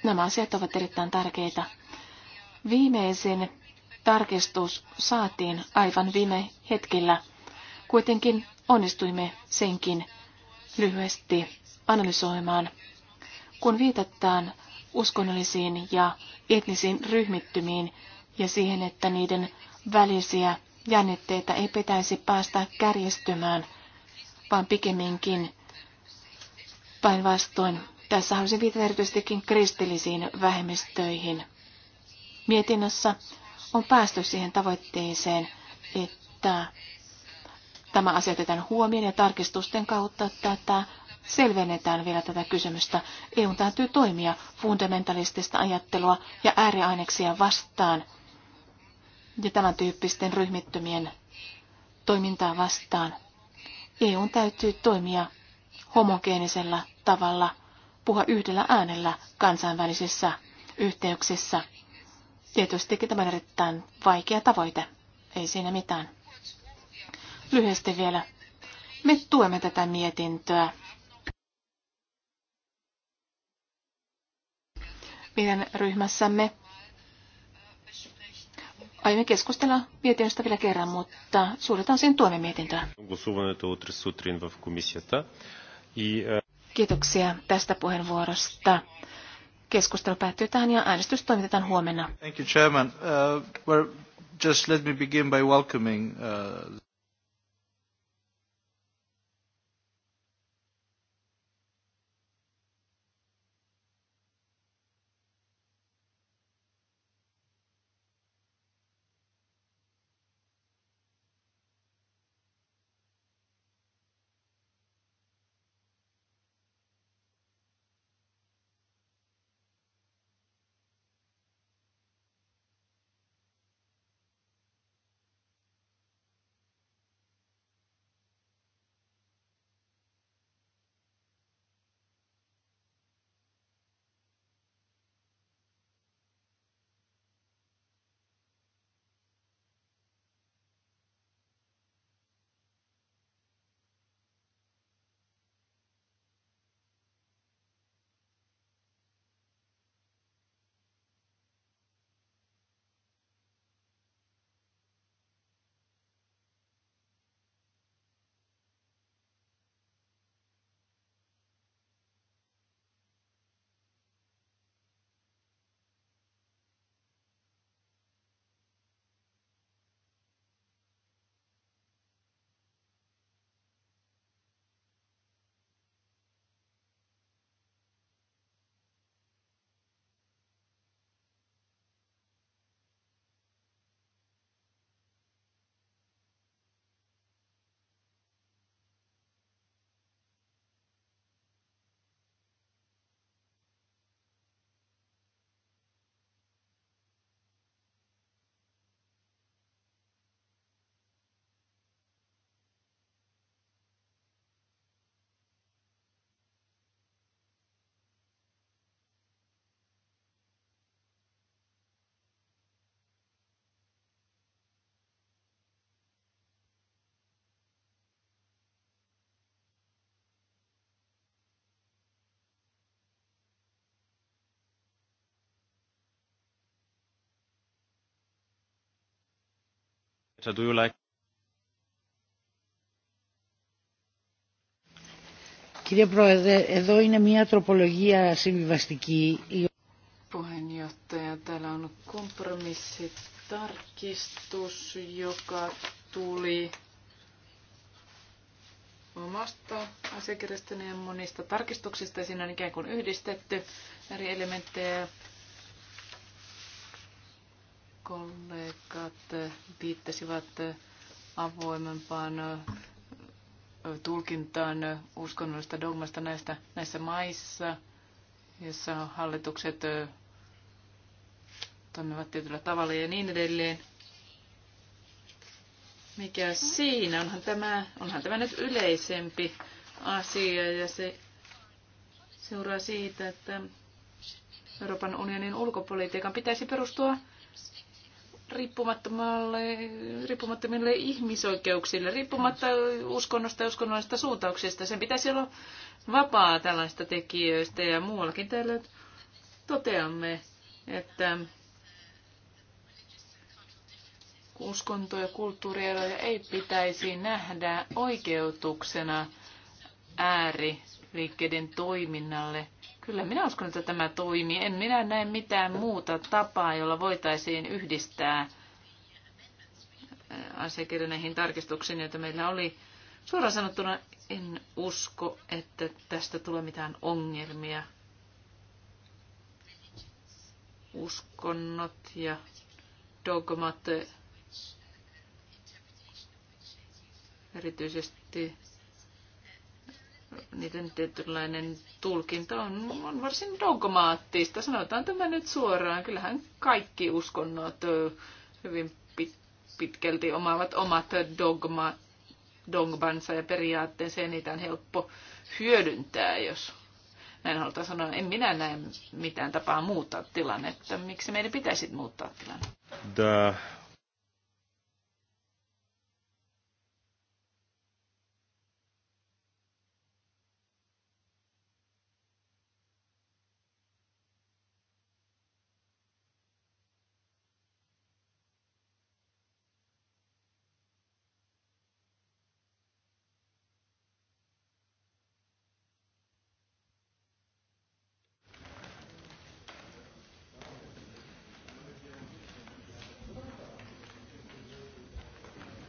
[SPEAKER 2] nämä asiat ovat erittäin tärkeitä. Viimeisin tarkistus saatiin aivan viime hetkellä. Kuitenkin onnistuimme senkin lyhyesti analysoimaan. Kun viitataan uskonnollisiin ja etnisiin ryhmittymiin ja siihen, että niiden välisiä jännitteitä ei pitäisi päästä kärjestymään, vaan pikemminkin päinvastoin. Tässä haluaisin viitata erityisestikin kristillisiin vähemmistöihin. Mietinnössä on päästy siihen tavoitteeseen, että tämä asetetaan huomioon ja tarkistusten kautta tätä selvennetään vielä tätä kysymystä. EUn täytyy toimia fundamentalistista ajattelua ja ääriaineksia vastaan ja tämän tyyppisten ryhmittymien toimintaa vastaan. EUn täytyy toimia homogeenisella tavalla, puhua yhdellä äänellä kansainvälisissä yhteyksissä. Tietystikin tämä on erittäin vaikea tavoite. Ei siinä mitään. Lyhyesti vielä. Me tuemme tätä mietintöä meidän ryhmässämme. Aiemmin keskustella mietinnöstä vielä kerran, mutta suurelta sen tuemme mietintöä. Kiitoksia tästä puheenvuorosta. Keskustelu päättyy tähän ja äänestys toimitetaan huomenna.
[SPEAKER 1] Thank you, Chairman. Uh, well, just let me begin by welcoming uh... So do you like...
[SPEAKER 4] Κύριε Πρόεδρε, εδώ είναι μια τροπολογία συμβιβαστική.
[SPEAKER 3] Puheenjohtaja, täällä on kompromissitarkistus, joka tuli omasta asiakirjastani ja monista tarkistuksista. Siinä on ikään kuin yhdistetty eri elementtejä kollegat viittasivat avoimempaan tulkintaan uskonnollista dogmasta näistä, näissä maissa, joissa hallitukset toimivat tietyllä tavalla ja niin edelleen. Mikä siinä? Onhan tämä, onhan tämä nyt yleisempi asia ja se seuraa siitä, että Euroopan unionin ulkopolitiikan pitäisi perustua riippumattomalle, riippumattomille ihmisoikeuksille, riippumatta uskonnosta ja uskonnollisesta suuntauksesta. Sen pitäisi olla vapaa tällaista tekijöistä ja muuallakin täällä toteamme, että uskonto- ja kulttuurieroja ei pitäisi nähdä oikeutuksena ääriliikkeiden toiminnalle Kyllä minä uskon, että tämä toimii. En minä näe mitään muuta tapaa, jolla voitaisiin yhdistää asiakirja näihin tarkistuksiin, joita meillä oli. Suoraan sanottuna en usko, että tästä tulee mitään ongelmia. Uskonnot ja dogmat, erityisesti niiden tietynlainen tulkinta on, on varsin dogmaattista. Sanotaan tämä nyt suoraan. Kyllähän kaikki uskonnot hyvin pitkälti omaavat omat dogma, dogmansa ja periaatteensa, ja niitä on helppo hyödyntää, jos näin halutaan sanoa. En minä näe mitään tapaa muuttaa tilannetta. Miksi meidän pitäisi muuttaa
[SPEAKER 1] tilannetta?